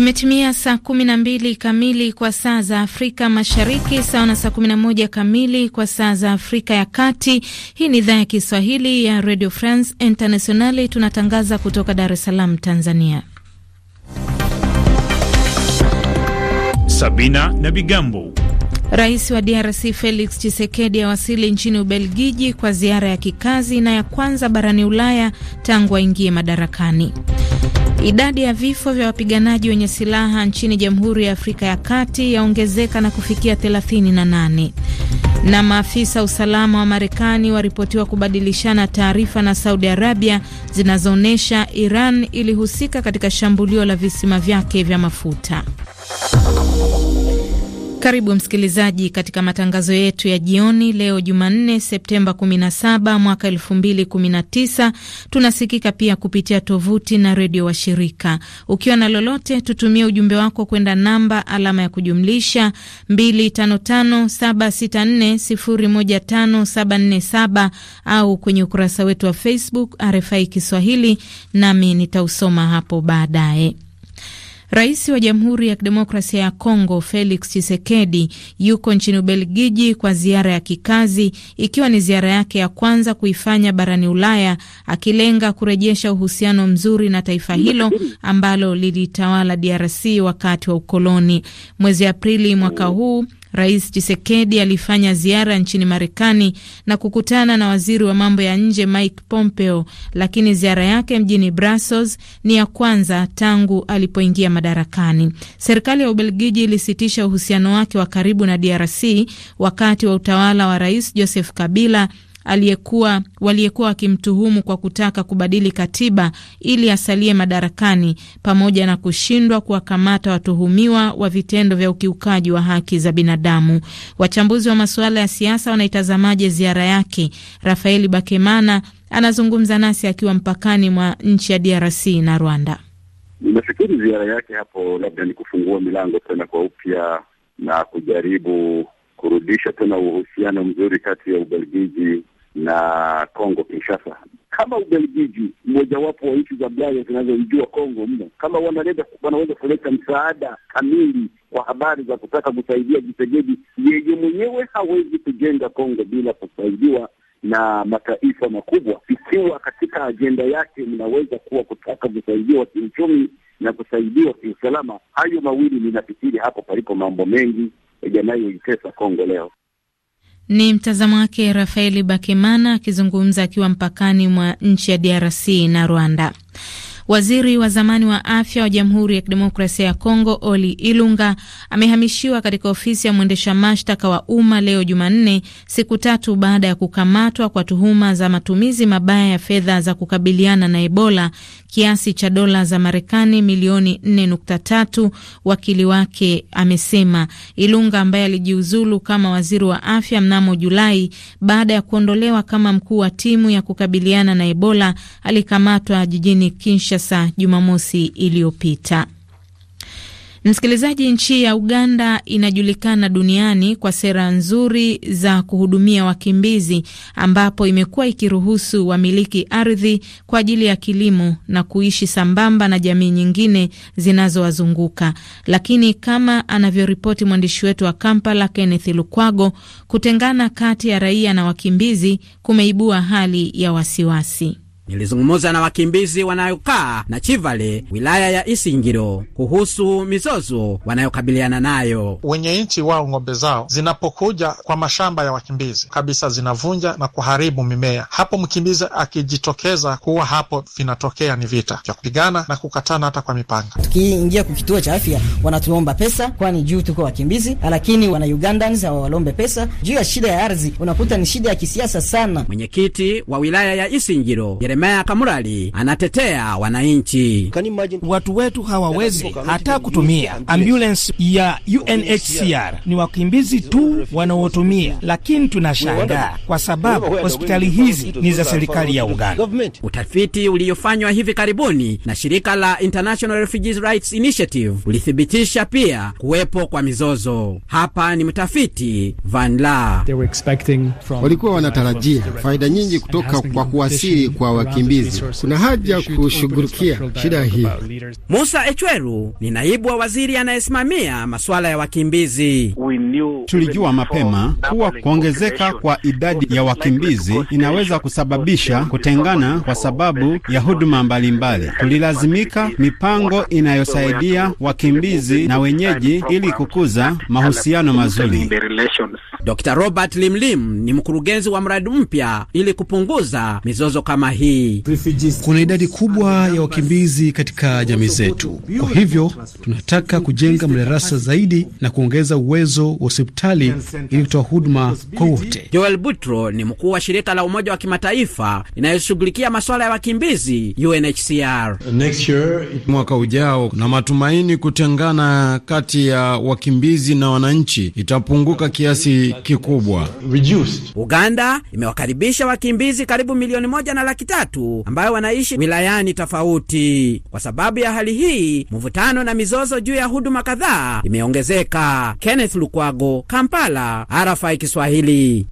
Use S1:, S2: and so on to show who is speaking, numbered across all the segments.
S1: Imetimia saa 12 kamili kwa saa za Afrika Mashariki, sawa na saa 11 kamili kwa saa za Afrika ya Kati. Hii ni idhaa ya Kiswahili ya Radio France Internationale, tunatangaza kutoka Dar es Salaam, Tanzania.
S2: Sabina na Bigambo.
S1: Rais wa DRC Felix Tshisekedi awasili nchini Ubelgiji kwa ziara ya kikazi na ya kwanza barani Ulaya tangu aingie madarakani. Idadi ya vifo vya wapiganaji wenye silaha nchini Jamhuri ya Afrika ya Kati yaongezeka na kufikia 38. Na maafisa usalama wa Marekani waripotiwa kubadilishana taarifa na Saudi Arabia zinazoonyesha Iran ilihusika katika shambulio la visima vyake vya mafuta. Karibu msikilizaji katika matangazo yetu ya jioni leo Jumanne, Septemba 17 mwaka 2019. Tunasikika pia kupitia tovuti na redio wa shirika Ukiwa na lolote, tutumie ujumbe wako kwenda namba alama ya kujumlisha 255764015747 au kwenye ukurasa wetu wa Facebook RFI Kiswahili, nami nitausoma hapo baadaye. Rais wa Jamhuri ya Kidemokrasia ya Kongo Felix Tshisekedi yuko nchini Ubelgiji kwa ziara ya kikazi, ikiwa ni ziara yake ya kwanza kuifanya barani Ulaya, akilenga kurejesha uhusiano mzuri na taifa hilo ambalo lilitawala DRC wakati wa ukoloni. Mwezi Aprili mwaka huu Rais Chisekedi alifanya ziara nchini Marekani na kukutana na waziri wa mambo ya nje Mike Pompeo, lakini ziara yake mjini Brussels ni ya kwanza tangu alipoingia madarakani. Serikali ya Ubelgiji ilisitisha uhusiano wake wa karibu na DRC wakati wa utawala wa Rais Joseph Kabila aliyekuwa waliyekuwa wakimtuhumu kwa kutaka kubadili katiba ili asalie madarakani pamoja na kushindwa kuwakamata watuhumiwa wa vitendo vya ukiukaji wa haki za binadamu. Wachambuzi wa masuala ya siasa wanaitazamaje ziara yake? Rafaeli Bakemana anazungumza nasi akiwa mpakani mwa nchi ya DRC na Rwanda.
S3: Ninafikiri ziara yake hapo labda ni kufungua milango tena kwa upya na kujaribu kurudisha tena uhusiano mzuri kati ya Ubelgiji na Kongo Kinshasa. Kama Ubelgiji, mmojawapo wa nchi za Bulaya zinazoijua Kongo mno, kama wanaleta wanaweza kuleta msaada kamili kwa habari za kutaka kusaidia Jisegedi, yeye mwenyewe hawezi kujenga Kongo bila kusaidiwa na mataifa makubwa. Ikiwa katika ajenda yake mnaweza kuwa kutaka kusaidiwa kiuchumi na kusaidiwa kiusalama, hayo mawili ninafikiri hapo palipo mambo mengi yanayoitesa Kongo leo.
S1: Ni mtazamo wake Rafaeli Bakemana akizungumza akiwa mpakani mwa nchi ya DRC na Rwanda. Waziri wa zamani wa afya wa Jamhuri ya Kidemokrasia ya Kongo Oli Ilunga amehamishiwa katika ofisi ya mwendesha mashtaka wa umma leo Jumanne, siku tatu baada ya kukamatwa kwa tuhuma za matumizi mabaya ya fedha za kukabiliana na Ebola kiasi cha dola za Marekani milioni 4.3, wakili wake amesema. Ilunga ambaye alijiuzulu kama waziri wa afya mnamo Julai baada ya kuondolewa kama mkuu wa timu ya kukabiliana na Ebola alikamatwa jijini Kinshasa Kinshasa Jumamosi iliyopita. Msikilizaji, nchi ya Uganda inajulikana duniani kwa sera nzuri za kuhudumia wakimbizi, ambapo imekuwa ikiruhusu wamiliki ardhi kwa ajili ya kilimo na kuishi sambamba na jamii nyingine zinazowazunguka. Lakini kama anavyoripoti mwandishi wetu wa Kampala, Kenneth Lukwago, kutengana kati ya raia na wakimbizi kumeibua hali ya wasiwasi.
S4: Nilizungumza na wakimbizi wanayokaa na Chivale wilaya ya Isingiro kuhusu mizozo wanayokabiliana nayo. Wenye nchi wao ng'ombe zao zinapokuja kwa mashamba
S5: ya wakimbizi kabisa zinavunja na kuharibu mimea. Hapo mkimbizi akijitokeza kuwa hapo vinatokea ni vita vya kupigana na kukatana hata kwa mipanga.
S4: Tukiingia kwa kituo cha afya wanatuomba pesa, kwani juu tuko wakimbizi, lakini wana Ugandans hawawalombe pesa juu ya shida ya ardhi. Unakuta ni shida ya kisiasa sana. Mwenyekiti wa wilaya ya Isingiro Mea Kamurali anatetea wananchi. Watu wetu hawawezi hata kutumia ambulance ya UNHCR, ni wakimbizi tu wanaotumia, lakini tunashangaa kwa sababu hospitali hizi ni za serikali ya Uganda. Utafiti uliofanywa hivi karibuni na shirika la International Refugees Rights Initiative ulithibitisha pia kuwepo kwa mizozo. Hapa ni mtafiti Van La.
S6: Walikuwa wanatarajia faida nyingi kutoka kwa kuwasili kwa wakimbizi. Kuna haja kushughulikia shida hii.
S4: Musa Echweru ni naibu wa waziri anayesimamia masuala ya wakimbizi. Tulijua mapema kuwa
S5: kuongezeka kwa idadi ya wakimbizi inaweza kusababisha kutengana kwa sababu
S4: ya huduma mbalimbali. Tulilazimika mipango inayosaidia wakimbizi na wenyeji ili kukuza mahusiano mazuri. Dr. Robert Limlim ni mkurugenzi wa mradi mpya ili kupunguza mizozo kama hii.
S7: Kuna idadi kubwa ya wakimbizi katika jamii zetu, kwa hivyo tunataka kujenga madarasa zaidi na kuongeza uwezo wa hospitali ili kutoa huduma kwa wote.
S4: Joel Butro ni mkuu wa shirika la Umoja wa Kimataifa inayoshughulikia masuala ya wakimbizi UNHCR. Next year, mwaka ujao na matumaini kutengana kati ya wakimbizi na wananchi itapunguka kiasi kikubwa. Uganda imewakaribisha wakimbizi karibu milioni moja na laki tatu tatu ambayo wanaishi wilayani tofauti. Kwa sababu ya hali hii, mvutano na mizozo juu ya huduma kadhaa imeongezeka. Kenneth Lukwago, Kampala, RFI Kiswahili.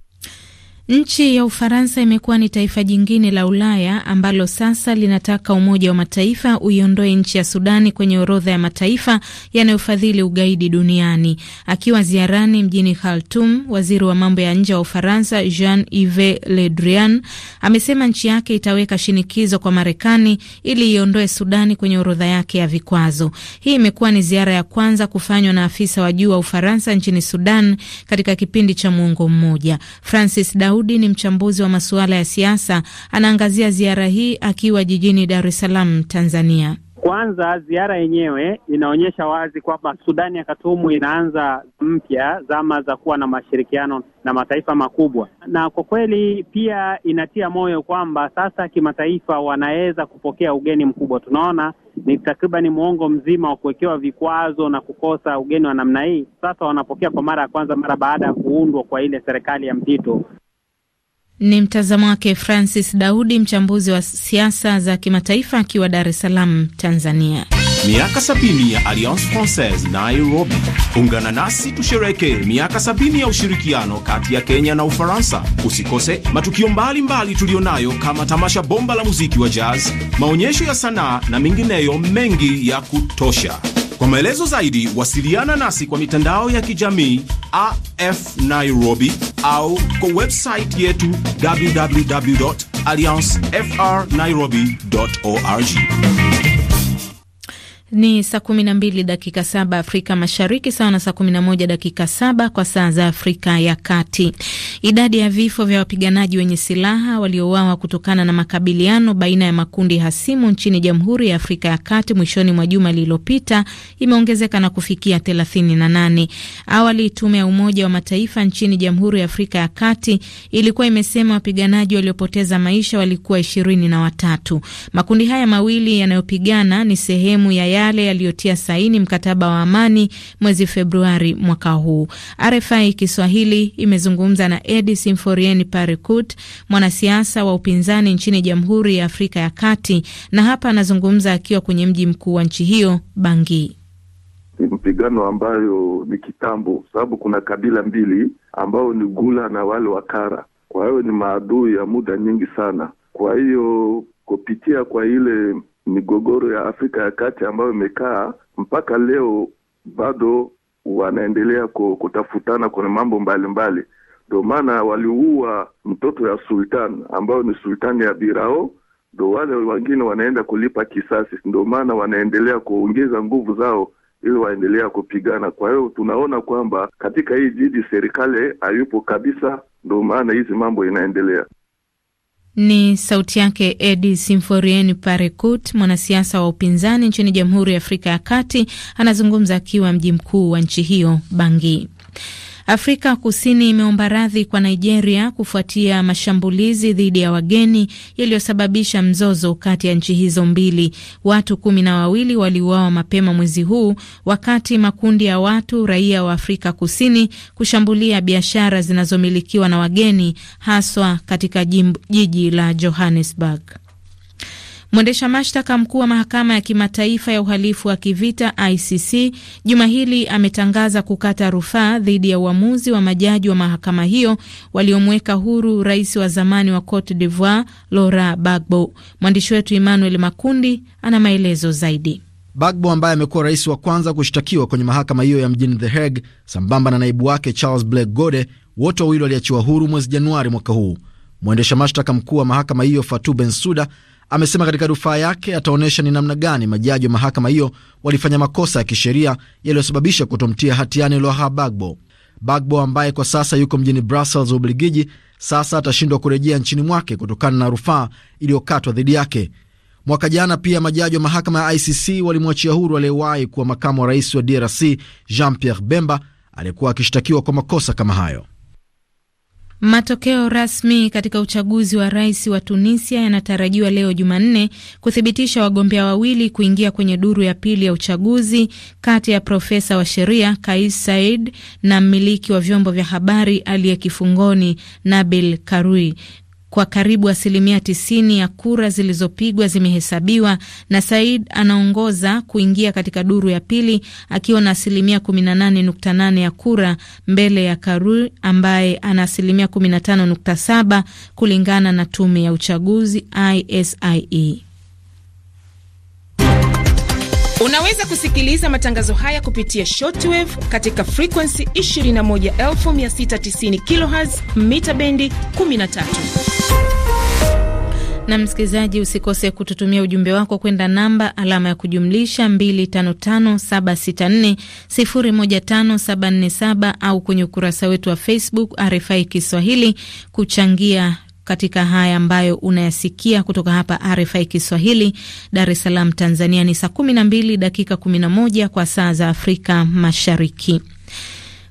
S1: Nchi ya Ufaransa imekuwa ni taifa jingine la Ulaya ambalo sasa linataka Umoja wa Mataifa uiondoe nchi ya Sudani kwenye orodha ya mataifa yanayofadhili ugaidi duniani. Akiwa ziarani mjini Khartum, waziri wa mambo ya nje wa Ufaransa Jean Yves Le Drian amesema nchi yake itaweka shinikizo kwa Marekani ili iondoe Sudani kwenye orodha yake ya vikwazo. Hii imekuwa ni ziara ya kwanza kufanywa na afisa wa juu wa Ufaransa nchini Sudan katika kipindi cha muongo mmoja. Francis Daudi ni mchambuzi wa masuala ya siasa, anaangazia ziara hii akiwa jijini Dar es Salaam, Tanzania.
S6: Kwanza ziara yenyewe inaonyesha wazi kwamba Sudani ya Katumu inaanza mpya zama za kuwa na mashirikiano na mataifa makubwa, na kwa kweli pia inatia moyo kwamba sasa kimataifa wanaweza kupokea ugeni mkubwa. Tunaona ni takriban muongo mzima wa kuwekewa vikwazo na kukosa ugeni wa namna hii, sasa wanapokea kwa mara ya kwanza mara baada ya kuundwa kwa ile serikali ya mpito.
S1: Ni mtazamo wake Francis Daudi, mchambuzi wa siasa za kimataifa akiwa Dar es Salaam, Tanzania.
S5: Miaka sabini ya Alliance Francaise Nairobi. Ungana nasi tusherekee miaka sabini ya ushirikiano kati ya Kenya na Ufaransa. Usikose matukio mbalimbali tuliyonayo kama tamasha bomba la muziki wa jazz, maonyesho ya sanaa na mengineyo mengi ya kutosha. Kwa maelezo zaidi wasiliana nasi kwa mitandao ya kijamii AF Nairobi au kwa website yetu www.alliancefrnairobi.org.
S1: Ni saa mbili dakika saba Afrika Mashariki, sawa na saa moja dakika saba kwa saa za Afrika ya Kati. Idadi ya vifo vya wapiganaji wenye silaha waliouawa kutokana na makabiliano baina ya makundi hasimu nchini Jamhuri ya Afrika ya Kati mwishoni mwa juma lililopita imeongezeka na kufikia nane. Awali tume ya Umoja wa Mataifa nchini Jamhuri ya Afrika ya Kati ilikuwa imesema wapiganaji waliopoteza maisha walikuwa ishirini na watatu. Makundi haya mawili yanayopigana ni sehemu ya yale yaliyotia saini mkataba wa amani mwezi Februari mwaka huu. RFI Kiswahili imezungumza na Edi Simforien Parekut, mwanasiasa wa upinzani nchini Jamhuri ya Afrika ya Kati, na hapa anazungumza akiwa kwenye mji mkuu wa nchi hiyo bangi Ni
S8: mpigano ambayo ni kitambo, sababu kuna kabila mbili ambao ni Gula na wale Kara, kwa hiyo ni maadui ya muda nyingi sana. Kwa hiyo kupitia kwa ile migogoro ya Afrika ya Kati ambayo imekaa mpaka leo bado wanaendelea kutafutana kwenye mambo mbalimbali. ndo maana waliua mtoto ya sultan ambayo ni sultani ya Birao, ndo wale wengine wanaenda kulipa kisasi. ndo maana wanaendelea kuongeza nguvu zao ili waendelea kupigana. Kwa hiyo tunaona kwamba katika hii jiji serikali hayupo kabisa, ndo maana hizi mambo inaendelea.
S1: Ni sauti yake Edi Simforien Parekut, mwanasiasa wa upinzani nchini Jamhuri ya Afrika ya Kati, anazungumza akiwa mji mkuu wa nchi hiyo Bangi. Afrika Kusini imeomba radhi kwa Nigeria kufuatia mashambulizi dhidi ya wageni yaliyosababisha mzozo kati ya nchi hizo mbili. Watu kumi na wawili waliuawa mapema mwezi huu wakati makundi ya watu raia wa Afrika Kusini kushambulia biashara zinazomilikiwa na wageni haswa katika jiji la Johannesburg. Mwendesha mashtaka mkuu wa mahakama ya kimataifa ya uhalifu wa kivita ICC juma hili ametangaza kukata rufaa dhidi ya uamuzi wa majaji wa mahakama hiyo waliomweka huru rais wa zamani wa Cote d'Ivoire laura bagbo Mwandishi wetu Emmanuel Makundi ana maelezo zaidi.
S7: bagbo ambaye amekuwa rais wa kwanza kushtakiwa kwenye mahakama hiyo ya mjini The Hague sambamba na naibu wake Charles blak Gode, wote wawili waliachiwa huru mwezi Januari mwaka huu. Mwendesha mashtaka mkuu wa mahakama hiyo Fatou Bensouda amesema katika rufaa yake ataonyesha ni namna gani majaji wa mahakama hiyo walifanya makosa ya kisheria yaliyosababisha kutomtia hatiani loha bagbo bagbo ambaye kwa sasa yuko mjini Brussels, Ubelgiji, sasa atashindwa kurejea nchini mwake kutokana na rufaa iliyokatwa dhidi yake. Mwaka jana pia majaji wa mahakama ya ICC walimwachia huru aliyewahi kuwa makamu wa rais wa DRC Jean Pierre Bemba aliyekuwa akishtakiwa kwa makosa kama hayo.
S1: Matokeo rasmi katika uchaguzi wa rais wa Tunisia yanatarajiwa leo Jumanne kuthibitisha wagombea wawili kuingia kwenye duru ya pili ya uchaguzi kati ya profesa wa sheria Kais Said na mmiliki wa vyombo vya habari aliye kifungoni Nabil karui kwa karibu asilimia tisini ya kura zilizopigwa zimehesabiwa na Said anaongoza kuingia katika duru ya pili akiwa na asilimia 18.8 ya kura mbele ya karu ambaye ana asilimia 15.7 kulingana na tume ya uchaguzi ISIE. Unaweza kusikiliza matangazo haya kupitia shortwave katika frekuensi 21690 kHz mita bendi 13. Na msikilizaji, usikose kututumia ujumbe wako kwenda namba alama ya kujumlisha 255764015747 au kwenye ukurasa wetu wa Facebook RFI Kiswahili kuchangia katika haya ambayo unayasikia kutoka hapa RFI Kiswahili, Dar es Salaam, Tanzania. Ni saa 12 dakika 11 kwa saa za Afrika Mashariki.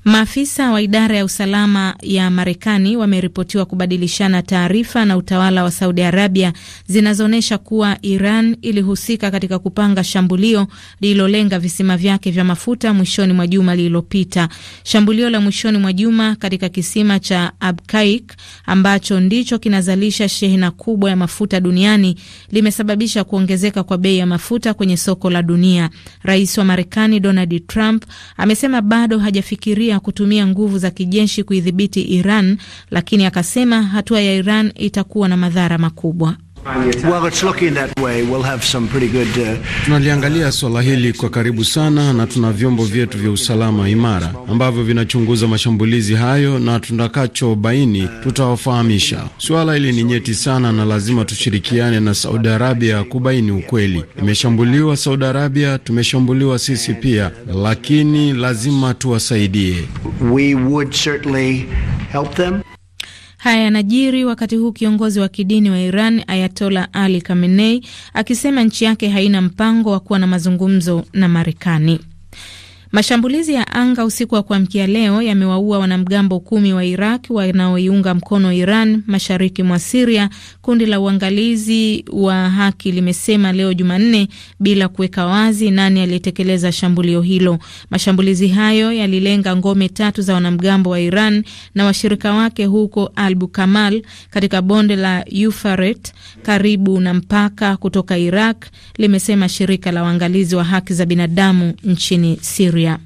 S1: Maafisa wa idara ya usalama ya Marekani wameripotiwa kubadilishana taarifa na utawala wa Saudi Arabia zinazoonyesha kuwa Iran ilihusika katika kupanga shambulio lililolenga visima vyake vya mafuta mwishoni mwa juma lililopita. Shambulio la mwishoni mwa juma katika kisima cha Abqaiq ambacho ndicho kinazalisha shehena kubwa ya mafuta duniani limesababisha kuongezeka kwa bei ya mafuta kwenye soko la dunia. Rais wa Marekani Donald Trump amesema bado hajafikiria na kutumia nguvu za kijeshi kuidhibiti Iran, lakini akasema hatua ya Iran itakuwa na madhara makubwa.
S9: Well, it's looking that way. We'll have some pretty good, uh... tunaliangalia swala hili kwa karibu sana na tuna vyombo vyetu
S4: vya usalama imara ambavyo vinachunguza mashambulizi hayo na tutakachobaini tutawafahamisha. Swala hili ni nyeti sana na lazima tushirikiane na Saudi Arabia kubaini ukweli. Imeshambuliwa Saudi Arabia, tumeshambuliwa sisi pia, lakini lazima tuwasaidie.
S9: We would certainly help them.
S1: Haya yanajiri wakati huu kiongozi wa kidini wa Iran Ayatola Ali Khamenei akisema nchi yake haina mpango wa kuwa na mazungumzo na Marekani. Mashambulizi ya anga usiku wa kuamkia leo yamewaua wanamgambo kumi wa Iraq wanaoiunga mkono Iran mashariki mwa Siria, kundi la uangalizi wa haki limesema leo Jumanne, bila kuweka wazi nani aliyetekeleza shambulio hilo. Mashambulizi hayo yalilenga ngome tatu za wanamgambo wa Iran na washirika wake huko Albu Kamal katika bonde la Ufaret karibu na mpaka kutoka Iraq, limesema shirika la uangalizi wa haki za binadamu nchini Siria. Surya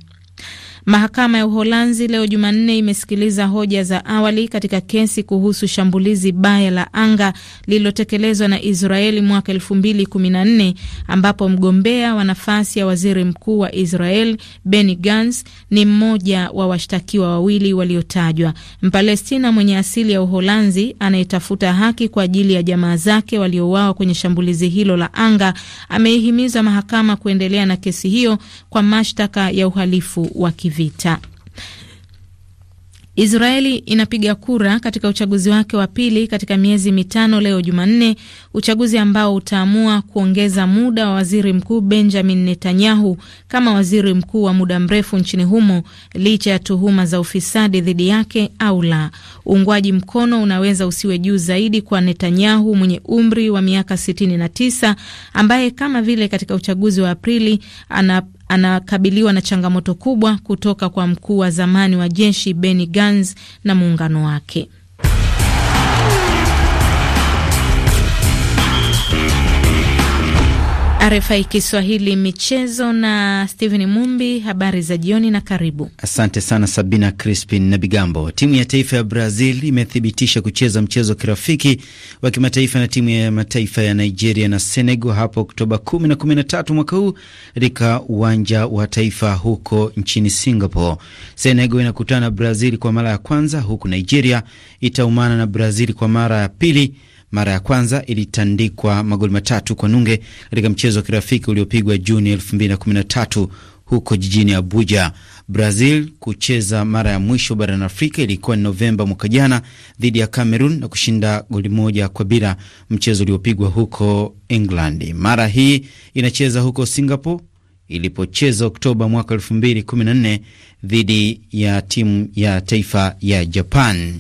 S1: Mahakama ya Uholanzi leo Jumanne imesikiliza hoja za awali katika kesi kuhusu shambulizi baya la anga lililotekelezwa na Israeli mwaka 2014 ambapo mgombea wa nafasi ya waziri mkuu wa Israel Benny Gantz ni mmoja wa washtakiwa wawili waliotajwa. Mpalestina mwenye asili ya Uholanzi anayetafuta haki kwa ajili ya jamaa zake waliouawa kwenye shambulizi hilo la anga ameihimiza mahakama kuendelea na kesi hiyo kwa mashtaka ya uhalifu wa kivita kivita. Israeli inapiga kura katika uchaguzi wake wa pili katika miezi mitano leo Jumanne, uchaguzi ambao utaamua kuongeza muda wa waziri mkuu Benjamin Netanyahu kama waziri mkuu wa muda mrefu nchini humo, licha ya tuhuma za ufisadi dhidi yake au la. Uungwaji mkono unaweza usiwe juu zaidi kwa Netanyahu mwenye umri wa miaka 69 ambaye kama vile katika uchaguzi wa Aprili ana anakabiliwa na changamoto kubwa kutoka kwa mkuu wa zamani wa jeshi Benny Gantz na muungano wake. RFI Kiswahili michezo na Steven Mumbi. Habari za jioni na karibu.
S10: Asante sana Sabina Crispin na Bigambo. Timu ya taifa ya Brazil imethibitisha kucheza mchezo wa kirafiki wa kimataifa na timu ya mataifa ya Nigeria na Senegal hapo Oktoba 10 na 13 mwaka huu katika uwanja wa taifa huko nchini Singapore. Senegal inakutana na Brazil kwa mara ya kwanza, huku Nigeria itaumana na Brazil kwa mara ya pili mara ya kwanza ilitandikwa magoli matatu kwa nunge katika mchezo wa kirafiki uliopigwa Juni 2013 huko jijini Abuja. Brazil kucheza mara ya mwisho barani Afrika ilikuwa ni Novemba mwaka jana dhidi ya Cameroon na kushinda goli moja kwa bila, mchezo uliopigwa huko England. Mara hii inacheza huko Singapore ilipocheza Oktoba mwaka 2014 dhidi ya timu ya taifa ya Japan.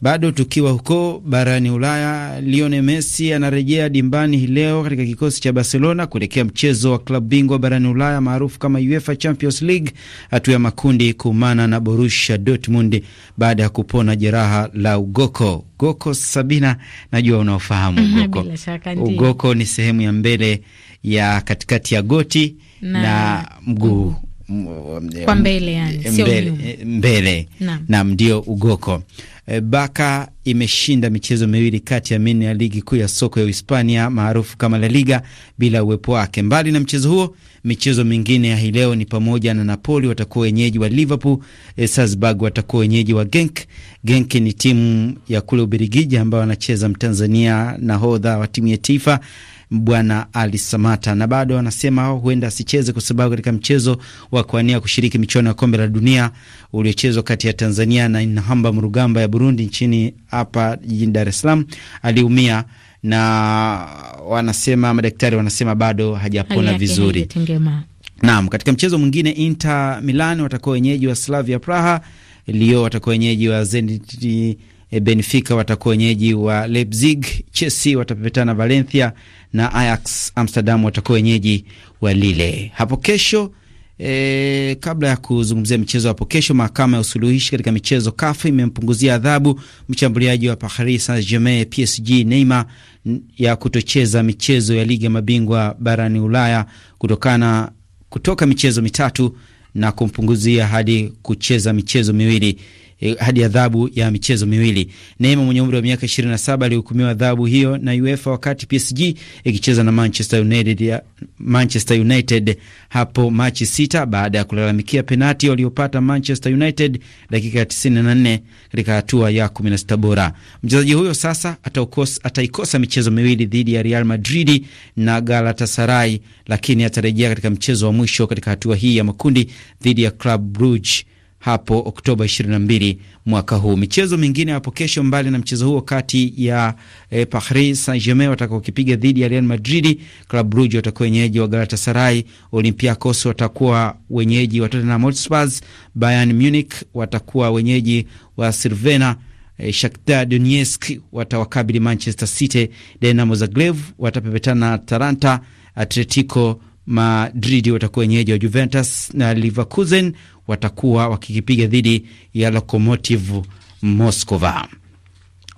S10: Bado tukiwa huko barani Ulaya, Lionel Messi anarejea dimbani hii leo katika kikosi cha Barcelona kuelekea mchezo wa klabu bingwa barani Ulaya maarufu kama UEFA Champions League, hatua ya makundi kuumana na Borussia Dortmund baada ya kupona jeraha la ugoko. Ugoko Sabina, najua unaofahamu ugoko. Ugoko ni sehemu ya mbele ya katikati ya goti na, na mguu kwa mbele, yani, mbele, mbele. Naam, ndio ugoko baka eh, Barca imeshinda michezo miwili kati ya minne ya ligi kuu ya soka ya Uhispania maarufu kama La Liga bila uwepo wake. Mbali na mchezo huo, michezo mingine ya hii leo ni pamoja na Napoli watakuwa wenyeji wa Liverpool, e, Salzburg watakuwa wenyeji wa Genk. Genk ni timu ya kule Ubelgiji ambayo anacheza Mtanzania nahodha wa timu ya taifa Bwana Ali Samata. Na bado anasema huenda asicheze kwa sababu katika mchezo wa kuania kushiriki michuano ya kombe la dunia uliochezwa kati ya Tanzania na Inhamba Mrugamba ya Burundi nchini hapa jijini Dar es Salaam aliumia na wanasema madaktari wanasema bado hajapona vizuri. Naam, katika mchezo mwingine Inter Milan watakuwa wenyeji wa Slavia Praha, Leo watakuwa wenyeji wa Zenit E, Benfica watakuwa wenyeji wa Leipzig, Chelsea watapepetana Valencia na Ajax Amsterdam watakuwa wenyeji wa Lille hapo kesho. E, kabla ya kuzungumzia michezo hapo kesho, mahakama ya usuluhishi katika michezo kafu imempunguzia adhabu mshambuliaji wa Paris Saint-Germain PSG Neymar ya kutocheza michezo ya ligi ya mabingwa barani Ulaya kutokana kutoka michezo mitatu na kumpunguzia hadi kucheza michezo miwili. Eh, hadi adhabu ya michezo miwili. Neymar mwenye umri wa miaka 27 alihukumiwa adhabu hiyo na UEFA wakati PSG ikicheza na Manchester United, ya Manchester United hapo Machi sita baada ya kulalamikia penati waliopata Manchester United dakika ya 94 katika hatua ya 16 bora. Mchezaji huyo sasa ataukosa, ataikosa michezo miwili dhidi ya Real Madrid na Galatasaray, lakini atarejea katika mchezo wa mwisho katika hatua hii ya makundi dhidi ya Club Brugge hapo Oktoba 22 mwaka huu. Michezo mingine hapo kesho, mbali na mchezo huo kati ya eh, Paris Saint-Germain watakaokipiga dhidi ya Real Madrid, Club Brugge watakuwa wenyeji wa Galatasaray, Olympiacos watakuwa wenyeji wa Tottenham Hotspur, Bayern Munich watakuwa wenyeji wa Slavia eh, Shakhtar Donetsk watawakabili Manchester City, Dynamo Zagreb watapepetana na Atalanta, Atletico Madrid watakuwa wenyeji wa Juventus na Leverkusen watakuwa wakikipiga dhidi ya Lokomotiv Moskova.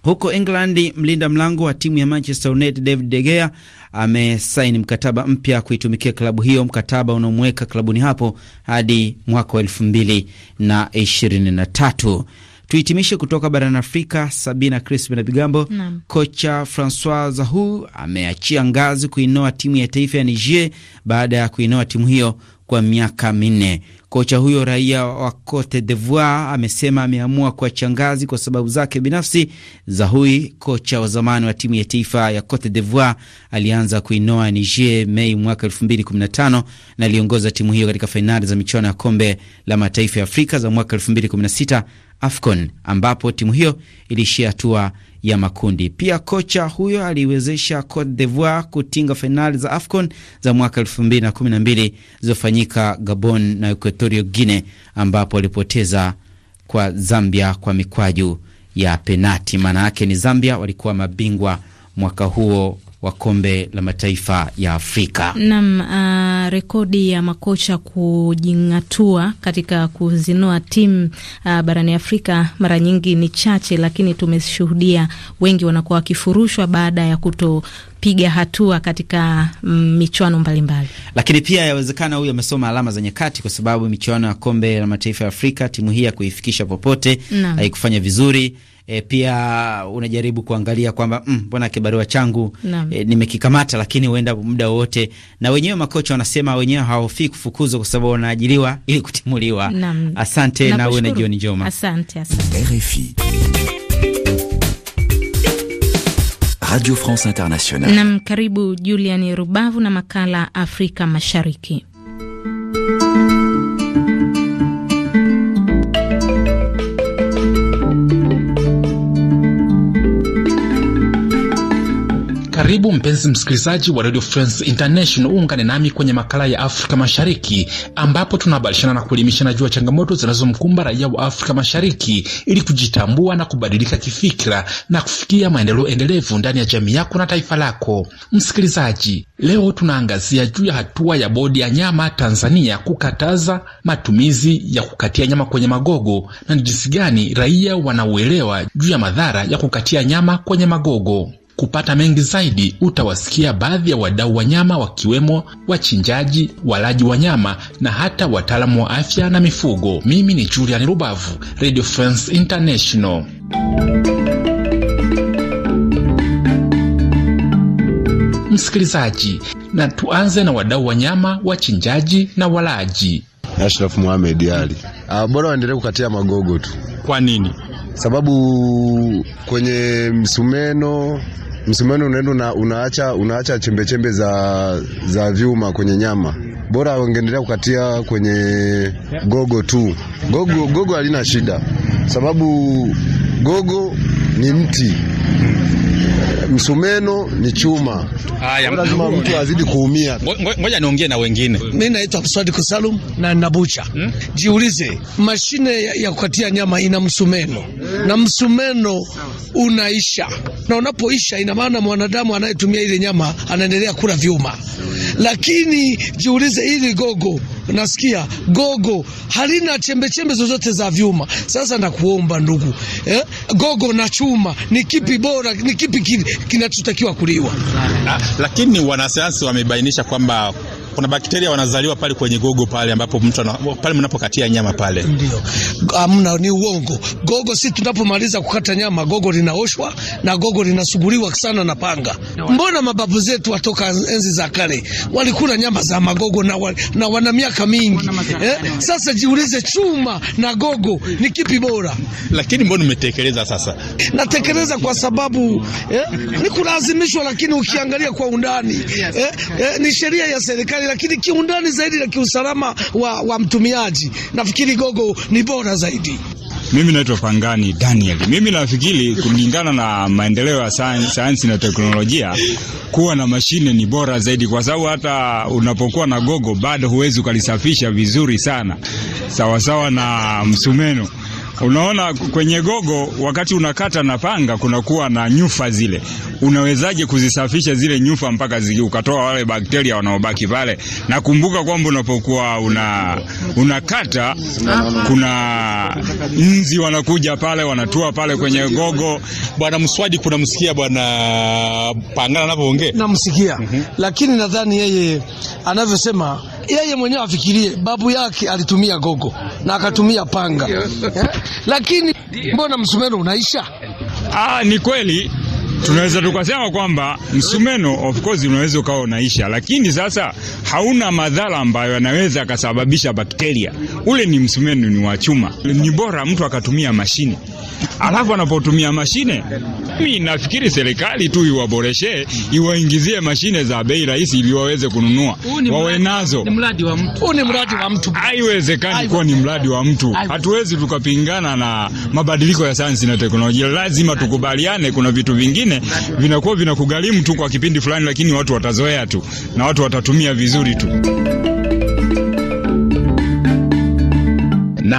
S10: Huko England, mlinda mlango wa timu ya Manchester United David De Gea amesaini mkataba mpya kuitumikia klabu hiyo, mkataba unaomweka klabuni hapo hadi mwaka wa elfu mbili na ishirini na tatu. Tuhitimishe kutoka barani Afrika. Sabina Crispin na Bigambo, kocha Francois Zahu ameachia ngazi kuinoa timu ya taifa ya Niger baada ya kuinoa timu hiyo kwa miaka minne. Kocha huyo raia wa Cote d'Ivoire amesema ameamua kuachia ngazi kwa sababu zake binafsi. Zahui, kocha wa zamani wa timu ya taifa ya Cote d'Ivoire, alianza kuinoa Niger Mei mwaka 2015 na aliongoza timu hiyo katika fainali za michuano ya kombe la mataifa ya Afrika za mwaka 2016 AFCON ambapo timu hiyo iliishia hatua ya makundi. Pia kocha huyo aliwezesha Cote d'Ivoire kutinga fainali za AFCON za mwaka 2012 zilizofanyika Gabon na Equatorio Guine, ambapo walipoteza kwa Zambia kwa mikwaju ya penati. Maana yake ni Zambia walikuwa mabingwa mwaka huo wa kombe la mataifa ya Afrika.
S1: Naam, uh, rekodi ya makocha kujing'atua katika kuzinua timu uh, barani Afrika mara nyingi ni chache, lakini tumeshuhudia wengi wanakuwa wakifurushwa baada ya kuto piga hatua katika mm, michuano mbalimbali,
S10: lakini pia yawezekana huyu amesoma alama za nyakati, kwa sababu michuano ya kombe la mataifa ya Afrika timu hii kuifikisha popote, haikufanya vizuri e, pia unajaribu kuangalia kwamba mm, mbona mm, kibarua changu e, nimekikamata, lakini huenda muda wowote. Na wenyewe makocha wanasema wenyewe hawahofii kufukuzwa kwa sababu wanaajiriwa ili kutimuliwa. Asante na uwe na jioni njema.
S1: Asante, asante.
S10: RFI Radio France Internationale.
S1: Nam, karibu Julian Rubavu na makala Afrika Mashariki.
S5: Karibu mpenzi msikilizaji wa Radio France International, uungane nami kwenye makala ya Afrika Mashariki ambapo tunabalishana na kuelimishana juu ya changamoto zinazomkumba raia wa Afrika Mashariki ili kujitambua na kubadilika kifikira na kufikia maendeleo endelevu ndani ya jamii yako na taifa lako. Msikilizaji, leo tunaangazia juu ya hatua ya Bodi ya Nyama Tanzania kukataza matumizi ya kukatia nyama kwenye magogo na ni jinsi gani raia wanauelewa juu ya madhara ya kukatia nyama kwenye magogo. Kupata mengi zaidi, utawasikia baadhi ya wadau wa nyama wakiwemo wachinjaji, walaji wa nyama na hata wataalamu wa afya na mifugo. Mimi ni Julian Rubavu, Radio France International. Msikilizaji, na tuanze na wadau wa nyama, wachinjaji na walaji.
S4: Ashraf Mohamed Ali, ah, bora waendelee kukatia magogo tu. Kwa nini? Sababu kwenye msumeno msumeno unaenda una, unaacha unaacha chembe chembe za, za vyuma kwenye nyama. Bora wangeendelea kukatia kwenye gogo tu. Gogo gogo halina shida, sababu gogo
S9: ni mti msumeno ni chuma, lazima mtu azidi kuumia. Ngoja niongee na wengine.
S11: Mimi naitwa Swadi Kusalum na nabucha hmm? Jiulize, mashine ya, ya kukatia nyama ina msumeno na msumeno unaisha, na unapoisha ina maana mwanadamu anayetumia ile nyama anaendelea kula vyuma, lakini jiulize, hili gogo nasikia gogo halina chembechembe zozote za vyuma. Sasa nakuomba ndugu eh, gogo na chuma ni kipi bora? Ni kipi kinachotakiwa kuliwa. Ah, lakini
S5: wanasayansi wamebainisha kwamba kuna bakteria wanazaliwa pale kwenye gogo pale ambapo mtu pale
S11: mnapokatia nyama pale. Ndio. Hamna, ni uongo. Gogo si tunapomaliza kukata nyama gogo linaoshwa na gogo linasuguliwa sana na panga. Mbona mababu zetu watoka enzi za kale walikula nyama za magogo na, wa, na wana miaka mingi eh? Sasa jiulize chuma na gogo ni kipi bora? Lakini mbona umetekeleza sasa? Natekeleza kwa sababu eh, ni kulazimishwa, lakini ukiangalia kwa undani eh, eh, ni sheria ya serikali lakini kiundani zaidi na kiusalama wa, wa mtumiaji, nafikiri gogo ni bora zaidi.
S2: Mimi naitwa Pangani Daniel. Mimi nafikiri kulingana na maendeleo ya sayansi na teknolojia, kuwa na mashine ni bora zaidi, kwa sababu hata unapokuwa na gogo bado huwezi ukalisafisha vizuri sana, sawasawa na msumeno. Unaona, kwenye gogo wakati unakata na panga kunakuwa na nyufa zile, unawezaje kuzisafisha zile nyufa mpaka ziki, ukatoa wale bakteria wanaobaki pale? Nakumbuka kwamba unapokuwa una unakata kuna nzi wanakuja pale wanatua pale kwenye gogo.
S11: Bwana Mswadi, kuna msikia bwana Pangana anapoongea namsikia, mm -hmm. Lakini nadhani yeye anavyosema yeye mwenyewe afikirie, babu yake alitumia gogo na akatumia panga eh? Lakini mbona msumeno unaisha?
S2: Ah, ni kweli tunaweza tukasema kwamba msumeno of course unaweza ukawa unaisha, lakini sasa hauna madhara ambayo anaweza akasababisha bakteria. Ule ni msumeno, ni wa chuma, ni bora mtu akatumia mashine alafu anapotumia mashine, mimi nafikiri serikali tu iwaboreshe, iwaingizie mashine za bei rahisi ili waweze kununua, wawe nazo. Ni mradi wa mtu, Haiwezekani kuwa ni mradi wa mtu. Hatuwezi tukapingana na mabadiliko ya sayansi na teknolojia. Lazima tukubaliane, kuna vitu vingine vinakuwa vinakugharimu tu kwa kipindi fulani, lakini watu watazoea
S5: tu na watu watatumia vizuri tu.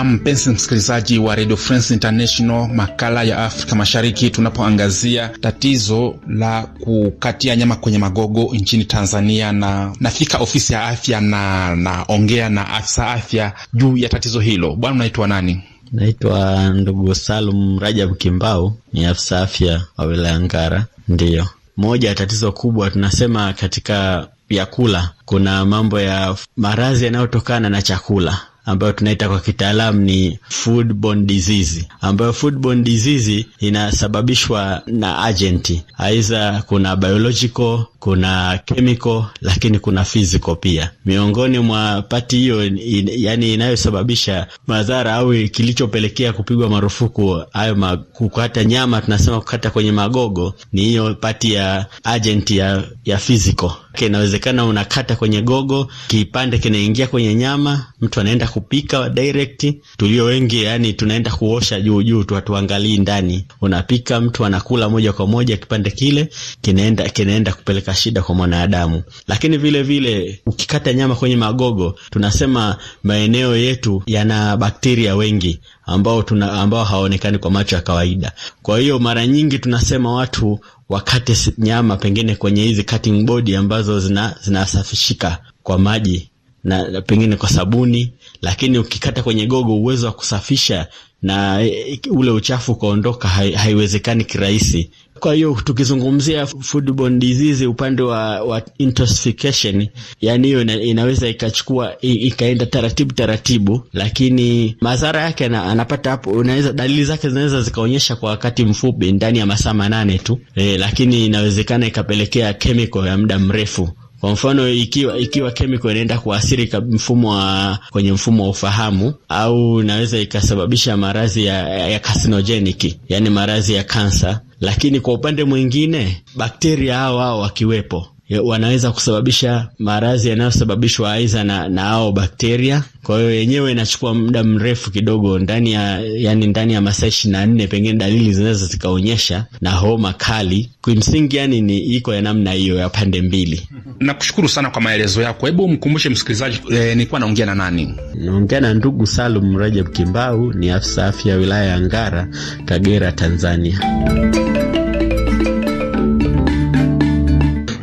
S5: nam mpenzi msikilizaji wa Radio France International, makala ya Afrika Mashariki, tunapoangazia tatizo la kukatia nyama kwenye magogo nchini Tanzania, na nafika ofisi ya afya na naongea na afisa afya juu ya tatizo hilo. Bwana, unaitwa nani? Naitwa ndugu Salum Rajab Kimbau,
S12: ni afisa afya wa wilaya Ngara. Ndiyo, moja ya tatizo kubwa tunasema katika vyakula kuna mambo ya maradhi yanayotokana na chakula ambayo tunaita kwa kitaalamu ni foodborne disease, ambayo foodborne disease inasababishwa na agenti, aidha kuna biological kuna chemical lakini kuna physical pia. Miongoni mwa pati hiyo in, yani inayosababisha madhara au kilichopelekea kupigwa marufuku hayo ma, kukata nyama, tunasema kukata kwenye magogo, ni hiyo pati ya agent ya, ya physical. Inawezekana unakata kwenye gogo, kipande kinaingia kwenye nyama, mtu anaenda kupika direct. Tulio wengi yani tunaenda kuosha juu juu tu, hatuangalii ndani. Unapika, mtu anakula moja kwa moja, kipande kile kinaenda kinaenda kupeleka inaleta shida kwa mwanadamu. Lakini vile vile ukikata nyama kwenye magogo, tunasema maeneo yetu yana bakteria wengi ambao tuna, ambao hawaonekani kwa macho ya kawaida. Kwa hiyo mara nyingi tunasema watu wakate nyama pengine kwenye hizi cutting board ambazo zina, zinasafishika kwa maji na, pengine kwa sabuni, lakini ukikata kwenye gogo uwezo wa kusafisha na e, e, ule uchafu ukaondoka hai, haiwezekani kirahisi. Kwa hiyo tukizungumzia foodborne disease upande wa, wa intoxication, yani hiyo ina, inaweza ikachukua ikaenda taratibu taratibu, lakini madhara yake anapata hapo, unaweza dalili zake zinaweza zikaonyesha kwa wakati mfupi ndani ya masaa manane tu e, lakini inawezekana ikapelekea chemical ya muda mrefu kwa mfano ikiwa ikiwa kemiko inaenda kuathiri mfumo wa kwenye mfumo wa ufahamu, au inaweza ikasababisha maradhi ya, ya carcinogenic, yani maradhi ya kansa lakini kwa upande mwingine bakteria hao hao wakiwepo, ya, wanaweza kusababisha maradhi yanayosababishwa aidha na, na ao bakteria. Kwa hiyo yenyewe inachukua muda mrefu kidogo ndani ya yani ndani ya masaa ishirini na nne pengine dalili zinaweza zikaonyesha na homa kali. Kimsingi yani ni iko ya namna hiyo ya pande mbili.
S5: Nakushukuru sana kwa maelezo yako. Hebu mkumbushe msikilizaji e, nilikuwa naongea na nani?
S12: Naongea na ndugu Salum Rajab Kimbau, ni afisa afya ya wilaya ya Ngara, Kagera, Tanzania.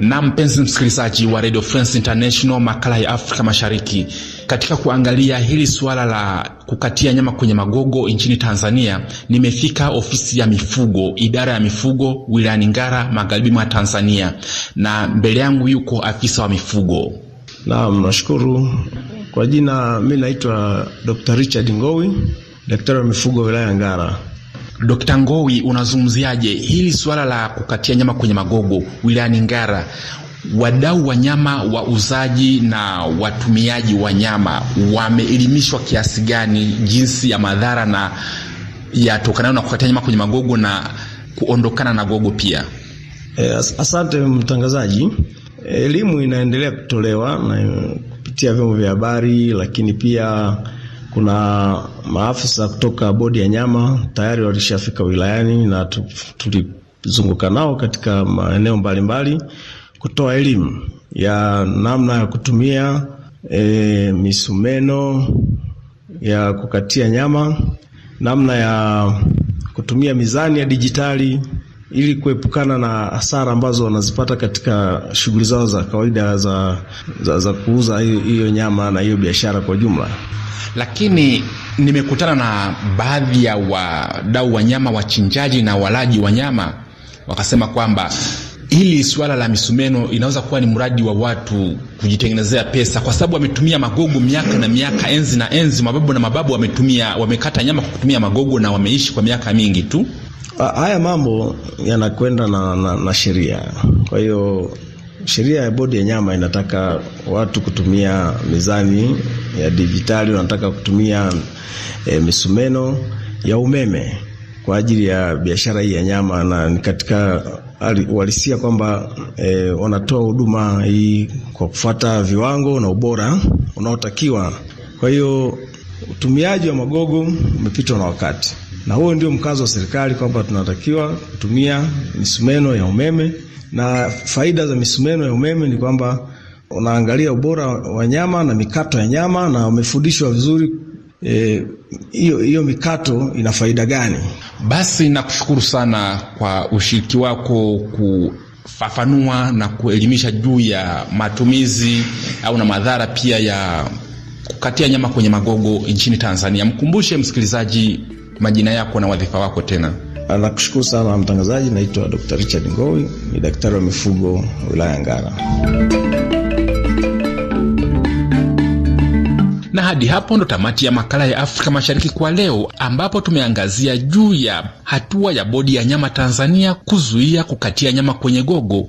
S5: Na mpenzi msikilizaji wa Radio France International, makala ya Afrika Mashariki, katika kuangalia hili suala la kukatia nyama kwenye magogo nchini Tanzania, nimefika ofisi ya mifugo, idara ya mifugo wilayani Ngara, magharibi mwa Tanzania, na mbele yangu yuko
S9: afisa wa mifugo. nam nashukuru kwa jina. Mi naitwa Dr. Richard Ngowi, daktari wa mifugo wilaya ya Ngara. Dr. Ngowi, unazungumziaje
S5: hili suala la kukatia nyama kwenye magogo wilayani Ngara? Wadau wa nyama, wauzaji na watumiaji wa nyama wameelimishwa kiasi gani jinsi ya madhara na yatokanayo na kukatia nyama kwenye magogo na kuondokana na gogo pia?
S9: Eh, asante mtangazaji. Elimu inaendelea kutolewa na kupitia vyombo vya habari, lakini pia kuna maafisa kutoka bodi ya nyama tayari walishafika wilayani na tulizunguka nao katika maeneo mbalimbali kutoa elimu ya namna ya kutumia e, misumeno ya kukatia nyama, namna ya kutumia mizani ya dijitali ili kuepukana na hasara ambazo wanazipata katika shughuli zao za kawaida za, za, za kuuza hiyo nyama na hiyo biashara kwa jumla
S5: lakini nimekutana na baadhi ya wadau wa nyama wachinjaji na walaji wa nyama wakasema kwamba hili suala la misumeno inaweza kuwa ni mradi wa watu kujitengenezea pesa, kwa sababu wametumia magogo miaka na miaka, enzi na enzi, mababu na mababu wametumia, wamekata nyama kwa kutumia magogo na wameishi kwa miaka mingi tu.
S9: Haya mambo yanakwenda na, na, na sheria. Kwa hiyo sheria ya bodi ya nyama inataka watu kutumia mizani ya dijitali, wanataka kutumia e, misumeno ya umeme kwa ajili ya biashara hii ya nyama, na ni katika uhalisia kwamba e, wanatoa huduma hii kwa kufuata viwango na ubora unaotakiwa. Kwa hiyo utumiaji wa magogo umepitwa na wakati na huo ndio mkazo wa serikali kwamba tunatakiwa kutumia misumeno ya umeme, na faida za misumeno ya umeme ni kwamba unaangalia ubora wa nyama na mikato ya nyama, na wamefundishwa vizuri e, hiyo e, mikato ina faida gani. Basi nakushukuru sana
S5: kwa ushiriki wako ku fafanua na kuelimisha juu ya matumizi au na madhara pia ya kukatia nyama kwenye magogo nchini Tanzania. Mkumbushe msikilizaji majina yako na wadhifa wako tena.
S9: Nakushukuru sana mtangazaji. Naitwa Dr. Richard Ngowi, ni daktari wa mifugo wilaya Ngara.
S5: Na hadi hapo ndo tamati ya makala ya Afrika Mashariki kwa leo, ambapo tumeangazia juu ya hatua ya bodi ya nyama Tanzania kuzuia kukatia nyama kwenye gogo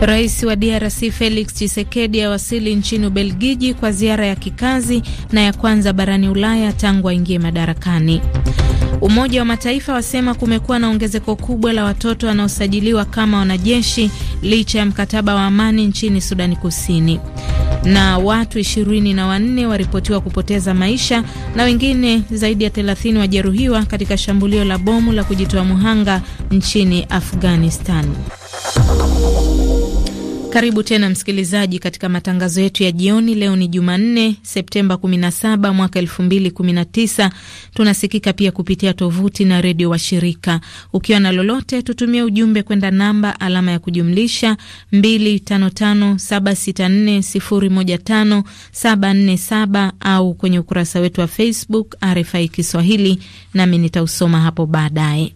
S1: Rais wa DRC Felix Tshisekedi awasili nchini Ubelgiji kwa ziara ya kikazi na ya kwanza barani Ulaya tangu aingie madarakani. Umoja wa Mataifa wasema kumekuwa na ongezeko kubwa la watoto wanaosajiliwa kama wanajeshi licha ya mkataba wa amani nchini Sudani Kusini. Na watu ishirini na wanne waripotiwa kupoteza maisha na wengine zaidi ya 3 wajeruhiwa katika shambulio la bomu la kujitoa muhanga nchini Afghanistan. Karibu tena msikilizaji, katika matangazo yetu ya jioni. Leo ni Jumanne, Septemba 17 mwaka 2019. Tunasikika pia kupitia tovuti na redio washirika. Ukiwa na lolote, tutumie ujumbe kwenda namba alama ya kujumlisha 255764015747 au kwenye ukurasa wetu wa Facebook RFI Kiswahili, nami nitausoma hapo baadaye.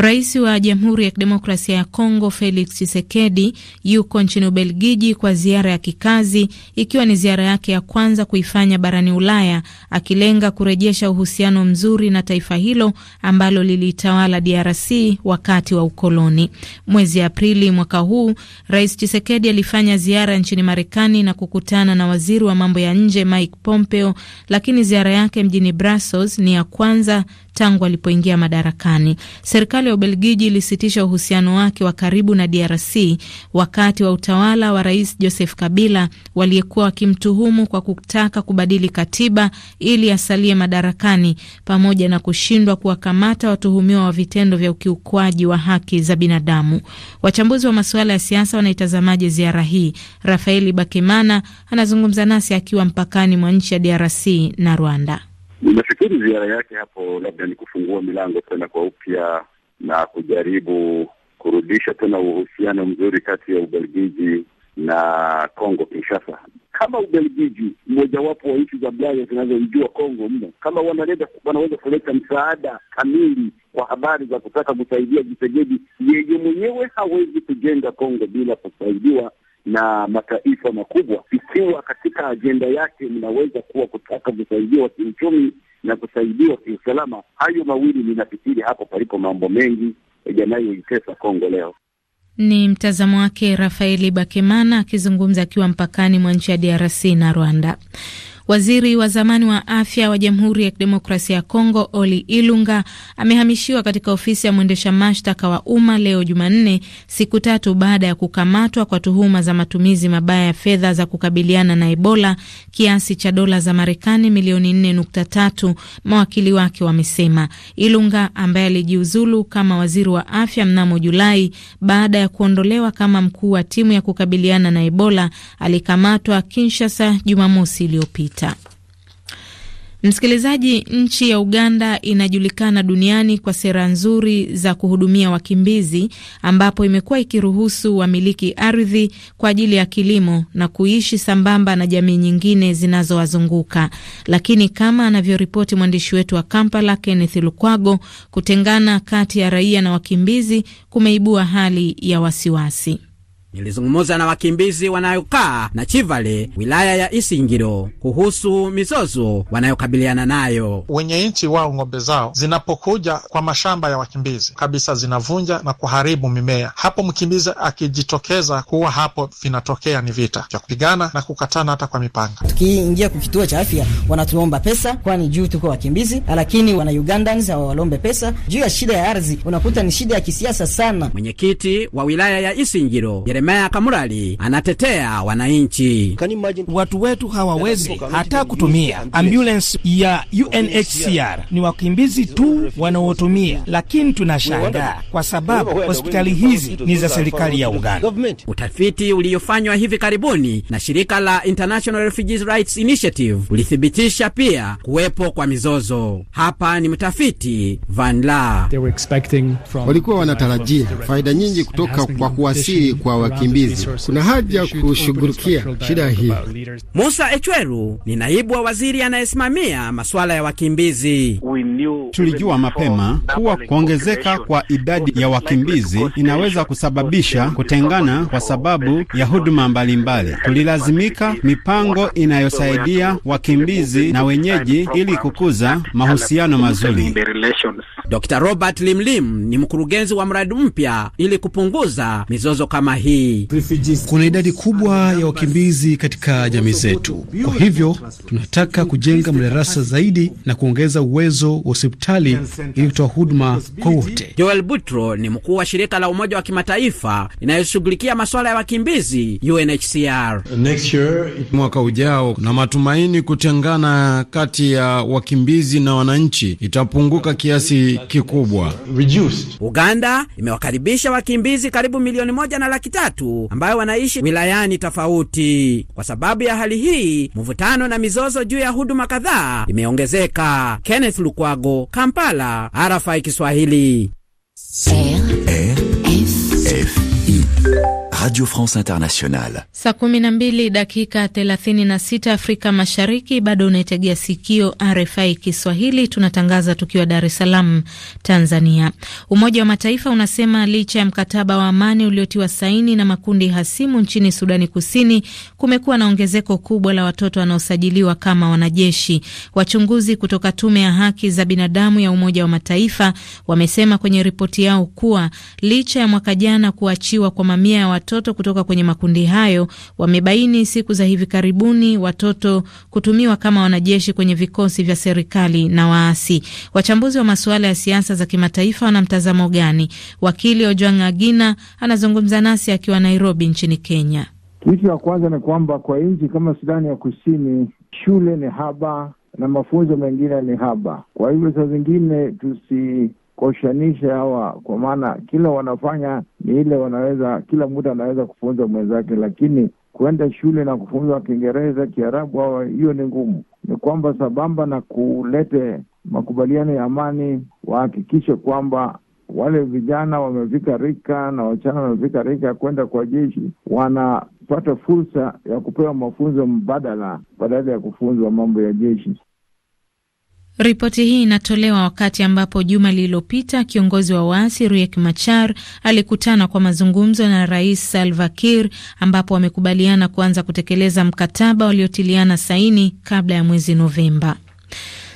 S1: Rais wa Jamhuri ya Kidemokrasia ya Kongo Felix Tshisekedi yuko nchini Ubelgiji kwa ziara ya kikazi, ikiwa ni ziara yake ya kwanza kuifanya barani Ulaya, akilenga kurejesha uhusiano mzuri na taifa hilo ambalo lilitawala DRC wakati wa ukoloni. Mwezi Aprili mwaka huu, Rais Tshisekedi alifanya ziara nchini Marekani na kukutana na waziri wa mambo ya nje Mike Pompeo, lakini ziara yake mjini Brussels ni ya kwanza tangu alipoingia madarakani. Serikali ya Ubelgiji ilisitisha uhusiano wake wa karibu na DRC wakati wa utawala wa Rais Joseph Kabila, waliyekuwa wakimtuhumu kwa kutaka kubadili katiba ili asalie madarakani, pamoja na kushindwa kuwakamata watuhumiwa wa vitendo vya ukiukwaji wa haki za binadamu. Wachambuzi wa masuala ya siasa wanaitazamaje ziara hii? Rafaeli Bakemana anazungumza nasi akiwa mpakani mwa nchi ya DRC na Rwanda.
S3: Nimefikiri ziara yake hapo labda ni kufungua milango tena kwa upya na kujaribu kurudisha tena uhusiano mzuri kati ya Ubelgiji na Kongo Kinshasa. Kama Ubelgiji mmojawapo wa nchi za Bulaya zinazoijua Kongo mno, kama wanaweza kuleta msaada kamili kwa habari za kutaka kusaidia Jisegedi, yeye mwenyewe hawezi kujenga Kongo bila kusaidiwa na mataifa makubwa, ikiwa katika ajenda yake mnaweza kuwa kutaka kusaidiwa kiuchumi na kusaidiwa kiusalama. Hayo mawili ninafikiri hapo palipo mambo mengi yanayoitesa Kongo leo.
S1: Ni mtazamo wake Rafaeli Bakemana akizungumza akiwa mpakani mwa nchi ya DRC na Rwanda. Waziri wa zamani wa afya wa Jamhuri ya Kidemokrasia ya Kongo Oli Ilunga amehamishiwa katika ofisi ya mwendesha mashtaka wa umma leo Jumanne, siku tatu baada ya kukamatwa kwa tuhuma za matumizi mabaya ya fedha za kukabiliana na Ebola kiasi cha dola za Marekani milioni 4.3, mawakili wake wamesema. Ilunga ambaye alijiuzulu kama waziri wa afya mnamo Julai baada ya kuondolewa kama mkuu wa timu ya kukabiliana na Ebola alikamatwa Kinshasa Jumamosi iliyopita sita. Msikilizaji, nchi ya Uganda inajulikana duniani kwa sera nzuri za kuhudumia wakimbizi, ambapo imekuwa ikiruhusu wamiliki ardhi kwa ajili ya kilimo na kuishi sambamba na jamii nyingine zinazowazunguka. Lakini kama anavyoripoti mwandishi wetu wa Kampala, Kenneth Lukwago, kutengana kati ya raia na wakimbizi kumeibua hali ya wasiwasi.
S4: Nilizungumza na wakimbizi wanayokaa na Chivale wilaya ya Isingiro kuhusu mizozo wanayokabiliana nayo. Wenye nchi wao ng'ombe zao zinapokuja
S5: kwa mashamba ya wakimbizi kabisa zinavunja na kuharibu mimea. Hapo mkimbizi akijitokeza kuwa hapo vinatokea ni vita vya kupigana na kukatana hata kwa mipanga.
S4: Tukiingia kwa kituo cha afya wanatuomba pesa, kwani juu tuko wakimbizi, lakini wana Ugandans hawawalombe pesa juu ya shida ya ardhi. Unakuta ni shida ya kisiasa sana. Mwenyekiti wa wilaya ya Isingiro Jeremaya Kamurali anatetea wananchi. Watu wetu hawawezi hata kutumia ambulance ya UNHCR, ni wakimbizi tu wanaotumia, lakini tunashangaa kwa sababu hospitali hizi ni za serikali ya Uganda. Utafiti uliofanywa hivi karibuni na shirika la International Refugees Rights Initiative ulithibitisha pia kuwepo kwa mizozo. Hapa ni mtafiti Van La.
S6: Walikuwa wanatarajia faida nyingi kutoka kwa kuwasili kwa wakimbizi. Kuna haja kushughulikia shida hii.
S4: Musa Echweru ni naibu wa waziri anayesimamia masuala ya wakimbizi. Tulijua mapema
S5: kuwa kuongezeka kwa idadi ya wakimbizi inaweza kusababisha kutengana kwa sababu ya huduma mbalimbali. Tulilazimika mipango inayosaidia
S4: wakimbizi na wenyeji ili kukuza mahusiano mazuri. Dr. Robert Limlim ni mkurugenzi wa mradi mpya ili kupunguza mizozo kama hii.
S7: Kuna idadi kubwa ya wakimbizi katika jamii zetu, kwa hivyo tunataka kujenga madarasa zaidi na kuongeza uwezo wa hospitali ili kutoa
S4: huduma kwa wote. Joel Butro ni mkuu wa shirika la Umoja wa Kimataifa inayoshughulikia masuala ya wakimbizi UNHCR. Next year, mwaka ujao na matumaini kutengana kati ya wakimbizi na wananchi itapunguka kiasi kikubwa. Uganda imewakaribisha wakimbizi karibu milioni moja na laki tatu watu ambayo wanaishi wilayani tofauti. Kwa sababu ya hali hii, mvutano na mizozo juu ya huduma kadhaa imeongezeka. Kenneth Lukwago, Kampala, RFI Kiswahili. R. Eh? R. Radio France Internationale.
S1: Saa 12 dakika 36 Afrika Mashariki, bado unaitegea sikio RFI Kiswahili, tunatangaza tukiwa Dar es Salaam, Tanzania. Umoja wa Mataifa unasema licha ya mkataba wa amani uliotiwa saini na makundi hasimu nchini Sudani Kusini, kumekuwa na ongezeko kubwa la watoto wanaosajiliwa kama wanajeshi. Wachunguzi kutoka Tume ya Haki za Binadamu ya Umoja wa Mataifa wamesema kwenye ripoti yao kuwa licha ya mwaka jana kuachiwa kwa mamia ya watoto watoto kutoka kwenye makundi hayo wamebaini siku za hivi karibuni watoto kutumiwa kama wanajeshi kwenye vikosi vya serikali na waasi. Wachambuzi wa masuala ya siasa za kimataifa wana mtazamo gani? Wakili Ojwang Agina anazungumza nasi akiwa Nairobi nchini Kenya.
S8: Kitu ya kwanza ni kwamba kwa nchi kama Sudani ya Kusini shule ni haba na mafunzo mengine ni haba.
S1: Kwa hivyo saa zingine tusi
S8: kuoshanisha hawa, kwa maana kila wanafanya ni ile wanaweza, kila mtu anaweza kufunza mwenzake, lakini kuenda shule na kufunzwa Kiingereza, Kiarabu hawa, hiyo ni ngumu. Ni kwamba sambamba na kulete makubaliano ya amani, wahakikishe kwamba wale vijana wamefika rika na wachana wamefika rika ya kwenda kwa jeshi wanapata fursa ya kupewa mafunzo mbadala badala ya kufunzwa mambo ya jeshi.
S1: Ripoti hii inatolewa wakati ambapo juma lililopita kiongozi wa waasi Riek Machar alikutana kwa mazungumzo na Rais Salva Kiir ambapo wamekubaliana kuanza kutekeleza mkataba waliotiliana saini kabla ya mwezi Novemba.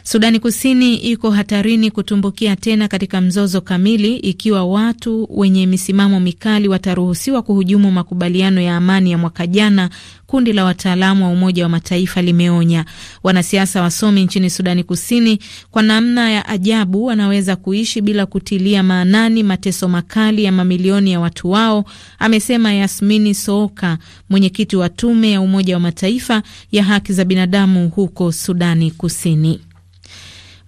S1: Sudani Kusini iko hatarini kutumbukia tena katika mzozo kamili ikiwa watu wenye misimamo mikali wataruhusiwa kuhujumu makubaliano ya amani ya mwaka jana, kundi la wataalamu wa Umoja wa Mataifa limeonya. Wanasiasa wasomi nchini Sudani Kusini kwa namna ya ajabu wanaweza kuishi bila kutilia maanani mateso makali ya mamilioni ya watu wao, amesema Yasmini Sooka, mwenyekiti wa tume ya Umoja wa Mataifa ya haki za binadamu huko Sudani Kusini.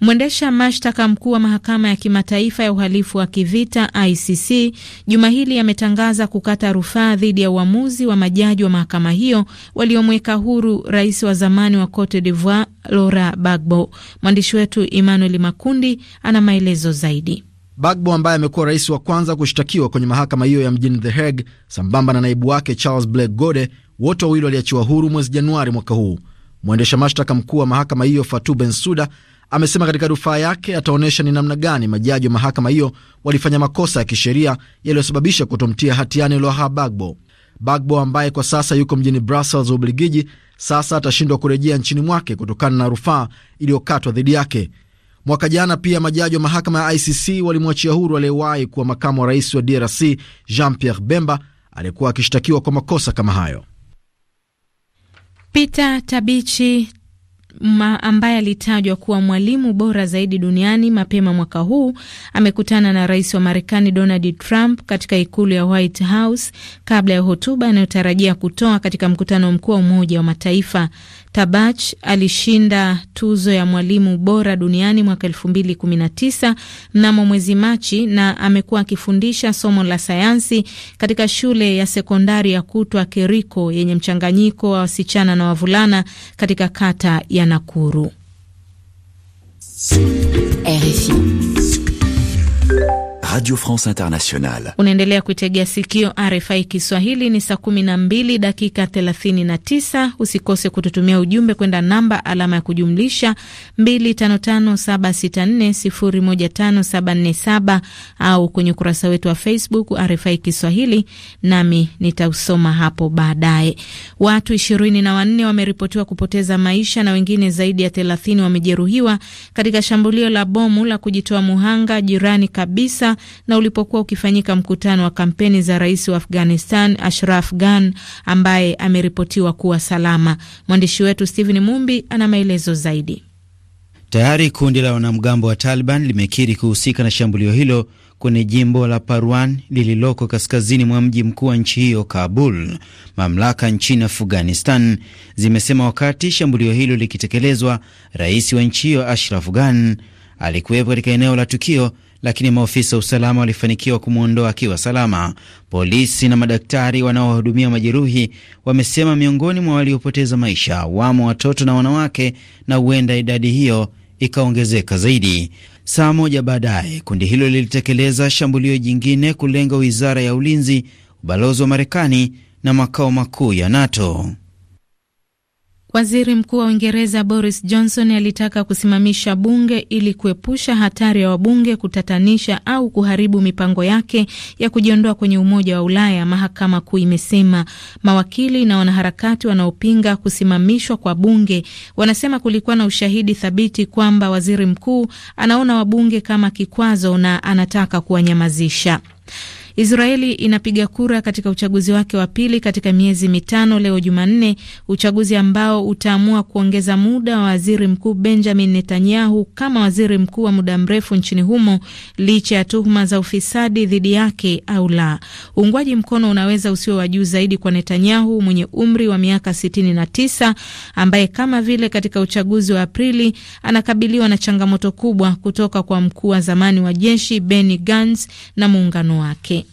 S1: Mwendesha mashtaka mkuu wa mahakama ya kimataifa ya uhalifu wa kivita ICC juma hili ametangaza kukata rufaa dhidi ya uamuzi wa majaji wa mahakama hiyo waliomweka huru rais wa zamani wa Cote d'Ivoire Laurent Gbagbo. Mwandishi wetu Emmanuel Makundi ana maelezo zaidi.
S7: bagbo ambaye amekuwa rais wa kwanza kushtakiwa kwenye mahakama hiyo ya mjini The Hague sambamba na naibu wake Charles Blake Gode, wote wawili waliachiwa huru mwezi Januari mwaka huu. Mwendesha mashtaka mkuu wa mahakama hiyo Fatou Bensouda amesema katika rufaa yake ataonyesha ni namna gani majaji wa mahakama hiyo walifanya makosa ya kisheria yaliyosababisha kutomtia hatiani loha bagbo bagbo ambaye kwa sasa yuko mjini Brussels, Ubelgiji, sasa atashindwa kurejea nchini mwake kutokana na rufaa iliyokatwa dhidi yake. Mwaka jana pia majaji wa mahakama ya ICC walimwachia huru aliyewahi kuwa makamu wa rais wa DRC Jean Pierre Bemba aliyekuwa akishtakiwa kwa makosa kama hayo.
S1: Peter Tabichi ma ambaye alitajwa kuwa mwalimu bora zaidi duniani mapema mwaka huu amekutana na rais wa Marekani Donald Trump katika ikulu ya White House kabla ya hotuba anayotarajia kutoa katika mkutano mkuu wa Umoja wa Mataifa. Tabach alishinda tuzo ya mwalimu bora duniani mwaka tisa mnamo mwezi Machi, na amekuwa akifundisha somo la sayansi katika shule ya sekondari ya kutwa Keriko yenye mchanganyiko wa wasichana na wavulana katika kata ya Nakuru.
S5: RFI. Radio France Internationale.
S1: Unaendelea kuitegea sikio RFI Kiswahili. Ni saa mbili dakika 39. Usikose kututumia ujumbe kwenda namba alama ya kujumlisha 255764015747 au kwenye ukurasa wetu wa Facebook RFI Kiswahili, nami nitausoma hapo baadaye. Watu wanne wameripotiwa kupoteza maisha na wengine zaidi ya thelathini wamejeruhiwa katika shambulio la bomu la kujitoa muhanga jirani kabisa na ulipokuwa ukifanyika mkutano wa kampeni za rais wa Afghanistan Ashraf Ghani ambaye ameripotiwa kuwa salama. Mwandishi wetu Stephen Mumbi ana maelezo zaidi.
S10: Tayari kundi la wanamgambo wa Taliban limekiri kuhusika na shambulio hilo kwenye jimbo la Parwan lililoko kaskazini mwa mji mkuu wa nchi hiyo Kabul. Mamlaka nchini Afghanistan zimesema wakati shambulio hilo likitekelezwa, rais wa nchi hiyo Ashraf Ghani alikuwepo katika eneo la tukio lakini maofisa wa usalama walifanikiwa kumwondoa akiwa salama. Polisi na madaktari wanaowahudumia majeruhi wamesema miongoni mwa waliopoteza maisha wamo watoto na wanawake, na huenda idadi hiyo ikaongezeka zaidi. Saa moja baadaye kundi hilo lilitekeleza shambulio jingine kulenga wizara ya ulinzi, ubalozi wa Marekani na makao makuu ya NATO.
S1: Waziri Mkuu wa Uingereza Boris Johnson alitaka kusimamisha bunge ili kuepusha hatari ya wabunge kutatanisha au kuharibu mipango yake ya kujiondoa kwenye Umoja wa Ulaya, mahakama kuu imesema. Mawakili na wanaharakati wanaopinga kusimamishwa kwa bunge wanasema kulikuwa na ushahidi thabiti kwamba waziri mkuu anaona wabunge kama kikwazo na anataka kuwanyamazisha. Israeli inapiga kura katika uchaguzi wake wa pili katika miezi mitano leo Jumanne, uchaguzi ambao utaamua kuongeza muda wa waziri mkuu Benjamin Netanyahu kama waziri mkuu wa muda mrefu nchini humo licha ya tuhuma za ufisadi dhidi yake au la. Uungwaji mkono unaweza usio wa juu zaidi kwa Netanyahu mwenye umri wa miaka 69 ambaye kama vile katika uchaguzi wa Aprili anakabiliwa na changamoto kubwa kutoka kwa mkuu wa zamani wa jeshi Benny Gantz na muungano wake.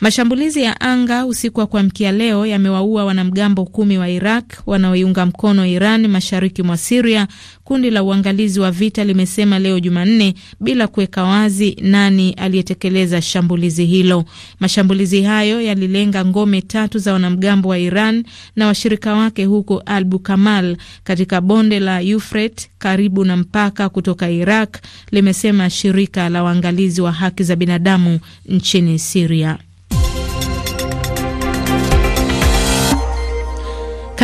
S1: Mashambulizi ya anga usiku wa kuamkia leo yamewaua wanamgambo kumi wa Iraq wanaoiunga mkono Iran mashariki mwa Siria, kundi la uangalizi wa vita limesema leo Jumanne, bila kuweka wazi nani aliyetekeleza shambulizi hilo. Mashambulizi hayo yalilenga ngome tatu za wanamgambo wa Iran na washirika wake huko Albu Kamal katika bonde la yufret karibu na mpaka kutoka Iraq, limesema shirika la uangalizi wa haki za binadamu nchini Siria.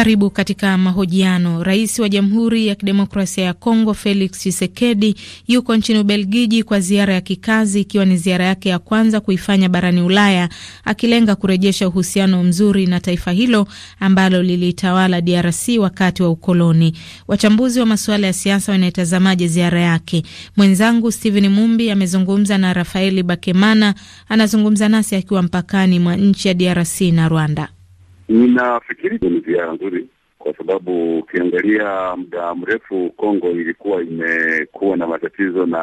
S1: Karibu katika mahojiano. Rais wa Jamhuri ya Kidemokrasia ya Kongo Felix Tshisekedi yuko nchini Ubelgiji kwa ziara ya kikazi, ikiwa ni ziara yake ya kwanza kuifanya barani Ulaya, akilenga kurejesha uhusiano mzuri na taifa hilo ambalo lilitawala DRC wakati wa ukoloni. Wachambuzi wa masuala ya siasa wanaitazamaje ziara yake? Mwenzangu Stephen Mumbi amezungumza na Rafaeli Bakemana, anazungumza nasi akiwa mpakani mwa nchi ya DRC na Rwanda.
S3: Ninafikiri ni njia nzuri kwa sababu ukiangalia muda mrefu Kongo ilikuwa imekuwa na matatizo na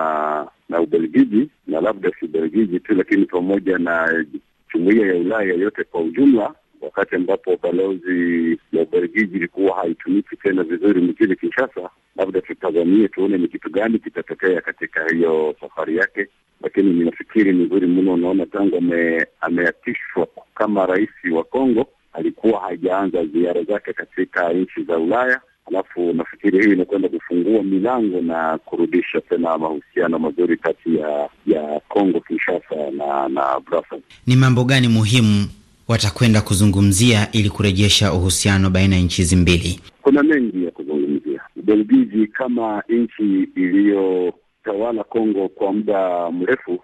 S3: na Ubelgiji na labda si Ubelgiji tu, lakini pamoja na jumuiya ya Ulaya yote kwa ujumla, wakati ambapo balozi ya Ubelgiji ilikuwa haitumiki tena vizuri mjini Kinshasa. Labda tutazamie tuone ni kitu gani kitatokea katika hiyo safari yake, lakini ninafikiri ni nzuri mno. Unaona, tangu ameapishwa kama rais wa Kongo alikuwa hajaanza ziara zake katika nchi za Ulaya. Alafu nafikiri hiyo inakwenda kufungua milango na kurudisha tena mahusiano mazuri kati ya ya Kongo Kinshasa na na Brussels.
S10: Ni mambo gani muhimu watakwenda kuzungumzia ili kurejesha uhusiano baina ya nchi hizi mbili?
S3: Kuna mengi ya kuzungumzia. Ubelgiji kama nchi iliyotawala Kongo kwa muda mrefu,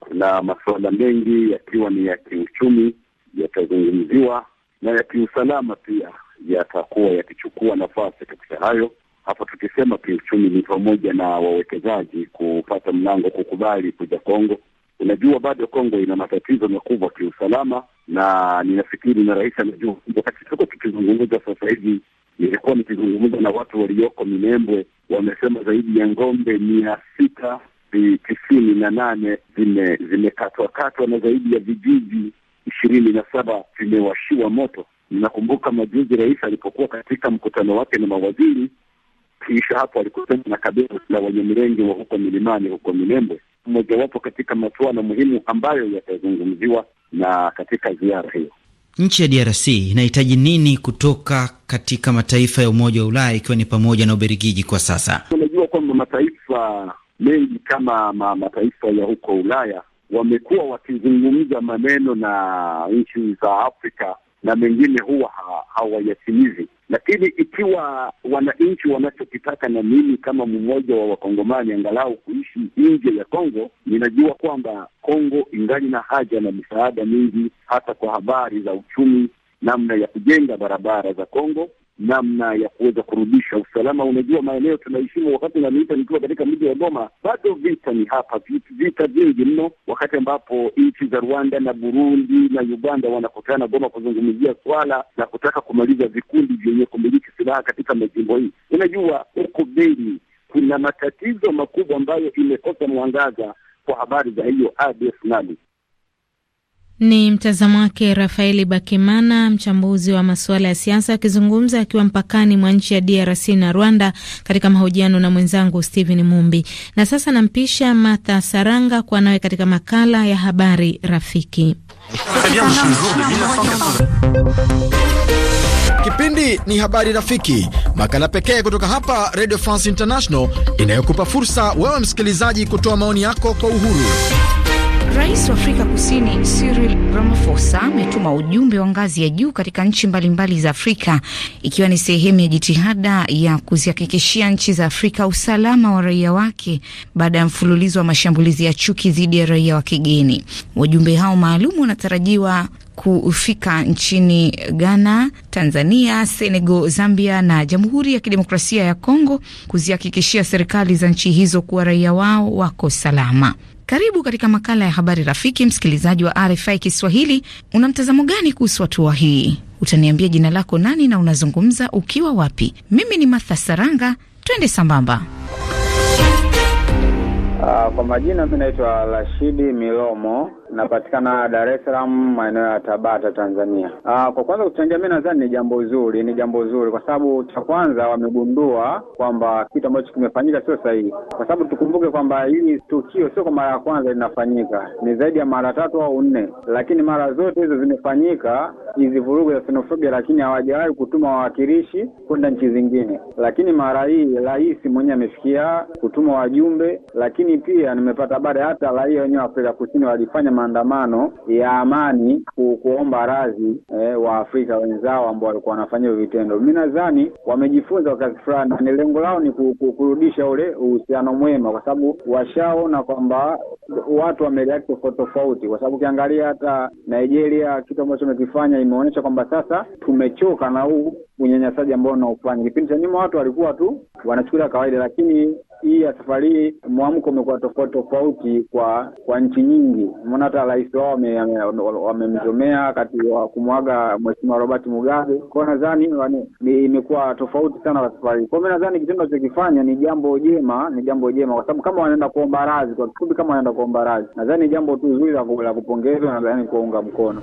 S3: kuna masuala mengi yakiwa ni ya kiuchumi yatazungumziwa na ya kiusalama pia yatakuwa yakichukua nafasi katika hayo. Hapa tukisema kiuchumi ni pamoja na wawekezaji kupata mlango kukubali kuja Kongo. Unajua, bado Kongo ina matatizo makubwa kiusalama, na ninafikiri na rais anajua. Wakati tuko tukizungumza sasa hivi, nilikuwa nikizungumza na watu walioko Minembwe, wamesema zaidi ya ng'ombe mia sita tisini na nane zimekatwakatwa na zaidi ya vijiji ishirini na saba vimewashiwa moto. Ninakumbuka majuzi rais alipokuwa katika mkutano wake na mawaziri, kisha hapo alikutana na kabila la Wanyamulenge wa huko milimani huko Minembwe, mojawapo katika masuala muhimu ambayo yatazungumziwa na katika ziara hiyo.
S10: Nchi ya DRC inahitaji nini kutoka katika mataifa ya Umoja wa Ulaya ikiwa ni pamoja na Ubelgiji kwa sasa?
S3: Unajua kwamba mataifa mengi kama ma mataifa ya huko Ulaya wamekuwa wakizungumza maneno na nchi za Afrika na mengine huwa hawayatimizi lakini ikiwa wananchi wanachokitaka, na mimi kama mmoja wa Wakongomani angalau kuishi nje ya Kongo, ninajua kwamba Kongo ingali na haja na misaada mingi, hasa kwa habari za uchumi, namna ya kujenga barabara za Kongo, namna ya kuweza kurudisha usalama. Unajua, maeneo tunaheshimu, wakati namiita nikiwa katika mji wa Goma, bado vita ni hapa, vita vingi mno, wakati ambapo nchi za Rwanda na Burundi na Uganda wanakutana Goma kuzungumzia swala la kutaka kumaliza vikundi vyenye kumiliki silaha katika majimbo hii. Unajua, huko Beni kuna matatizo makubwa ambayo imekosa mwangaza kwa habari za hiyo ADF nali
S1: ni mtazamo wake Rafaeli Bakimana, mchambuzi wa masuala ya siasa, akizungumza akiwa mpakani mwa nchi ya DRC na Rwanda katika mahojiano na mwenzangu Stephen Mumbi. Na sasa nampisha Martha Saranga kuwa nawe katika makala ya habari rafiki.
S7: Kipindi ni habari rafiki, makala pekee kutoka hapa Radio France International inayokupa fursa wewe msikilizaji kutoa maoni yako kwa uhuru.
S13: Rais wa Afrika Kusini Cyril Ramaphosa ametuma ujumbe wa ngazi ya juu katika nchi mbalimbali za Afrika ikiwa ni sehemu ya jitihada ya kuzihakikishia nchi za Afrika usalama wa raia wake baada ya mfululizo wa mashambulizi ya chuki dhidi ya raia wa kigeni. Wajumbe hao maalum wanatarajiwa kufika nchini Ghana, Tanzania, Senegal, Zambia na Jamhuri ya Kidemokrasia ya Kongo kuzihakikishia serikali za nchi hizo kuwa raia wao wako salama. Karibu katika makala ya habari rafiki, msikilizaji wa RFI Kiswahili. Una mtazamo gani kuhusu hatua hii? Utaniambia jina lako nani na unazungumza ukiwa wapi? Mimi ni Martha Saranga, twende sambamba.
S6: Uh, kwa majina mi naitwa Rashidi Milomo napatikana Dar es Salaam, maeneo ya Tabata, Tanzania. Aa, ah, kwa kwanza kuchangia, mimi nadhani ni jambo zuri, ni jambo zuri kwa sababu cha kwanza wamegundua kwamba kitu ambacho kimefanyika sio sahihi, kwa sababu tukumbuke kwamba hili tukio sio kwa mara ya kwanza linafanyika, ni zaidi ya mara tatu au nne, lakini mara zote hizo zimefanyika hizi vurugu za xenofobia, lakini hawajawahi kutuma wawakilishi kwenda nchi zingine. Lakini mara hii rais mwenyewe amefikia kutuma wajumbe, lakini pia nimepata baada hata raia wenyewe wa Afrika Kusini walifanya maandamano ya amani ku, kuomba radhi eh, wa Afrika wenzao ambao walikuwa wanafanya hivyo vitendo. Mimi nadhani wamejifunza wakati fulani, na lengo lao ni ku, kurudisha ule uhusiano mwema, kwa sababu washaona kwamba watu wameleati tofauti tofauti, kwa sababu ukiangalia hata Nigeria kitu ambacho wamekifanya imeonyesha kwamba sasa tumechoka na huu unyanyasaji ambao unaofanya. Kipindi cha nyuma watu walikuwa tu wanachukulia kawaida, lakini hii ya safari hii mwamko umekuwa tofauti tofauti kwa kwa nchi nyingi. Umeona hata rais wao wamemzomea wakati wa kumwaga mheshimiwa Robert Mugabe. Kwa nadhani imekuwa tofauti sana kwa safari. Kwa mimi nadhani kitendo alichokifanya ni jambo jema, ni jambo jema kwa sababu kama wanaenda kuomba radhi, kwa kifupi, kama wanaenda kuomba radhi, nadhani jambo tu zuri la kupongezwa, nadhani kuwaunga mkono.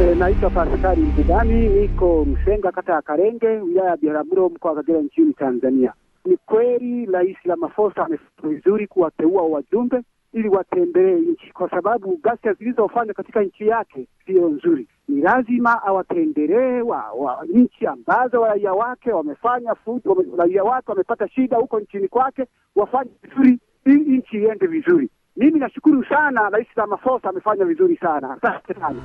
S14: E, naitwa Paskari Mzidani, niko Msenga, kata ya Karenge, wilaya ya Biharamulo, mkoa wa Kagera, nchini Tanzania. Ni kweli Rais Ramaphosa amefanya vizuri kuwateua wajumbe ili watembelee nchi, kwa sababu ghasia zilizofanywa katika nchi yake siyo nzuri. Ni lazima awatembelee wa, wa nchi ambazo raia wake wamefanya fujo, raia wake wamepata shida huko nchini kwake, wafanye vizuri ili nchi iende vizuri. Mimi nashukuru sana Rais Ramaphosa amefanya vizuri sana, asante sana.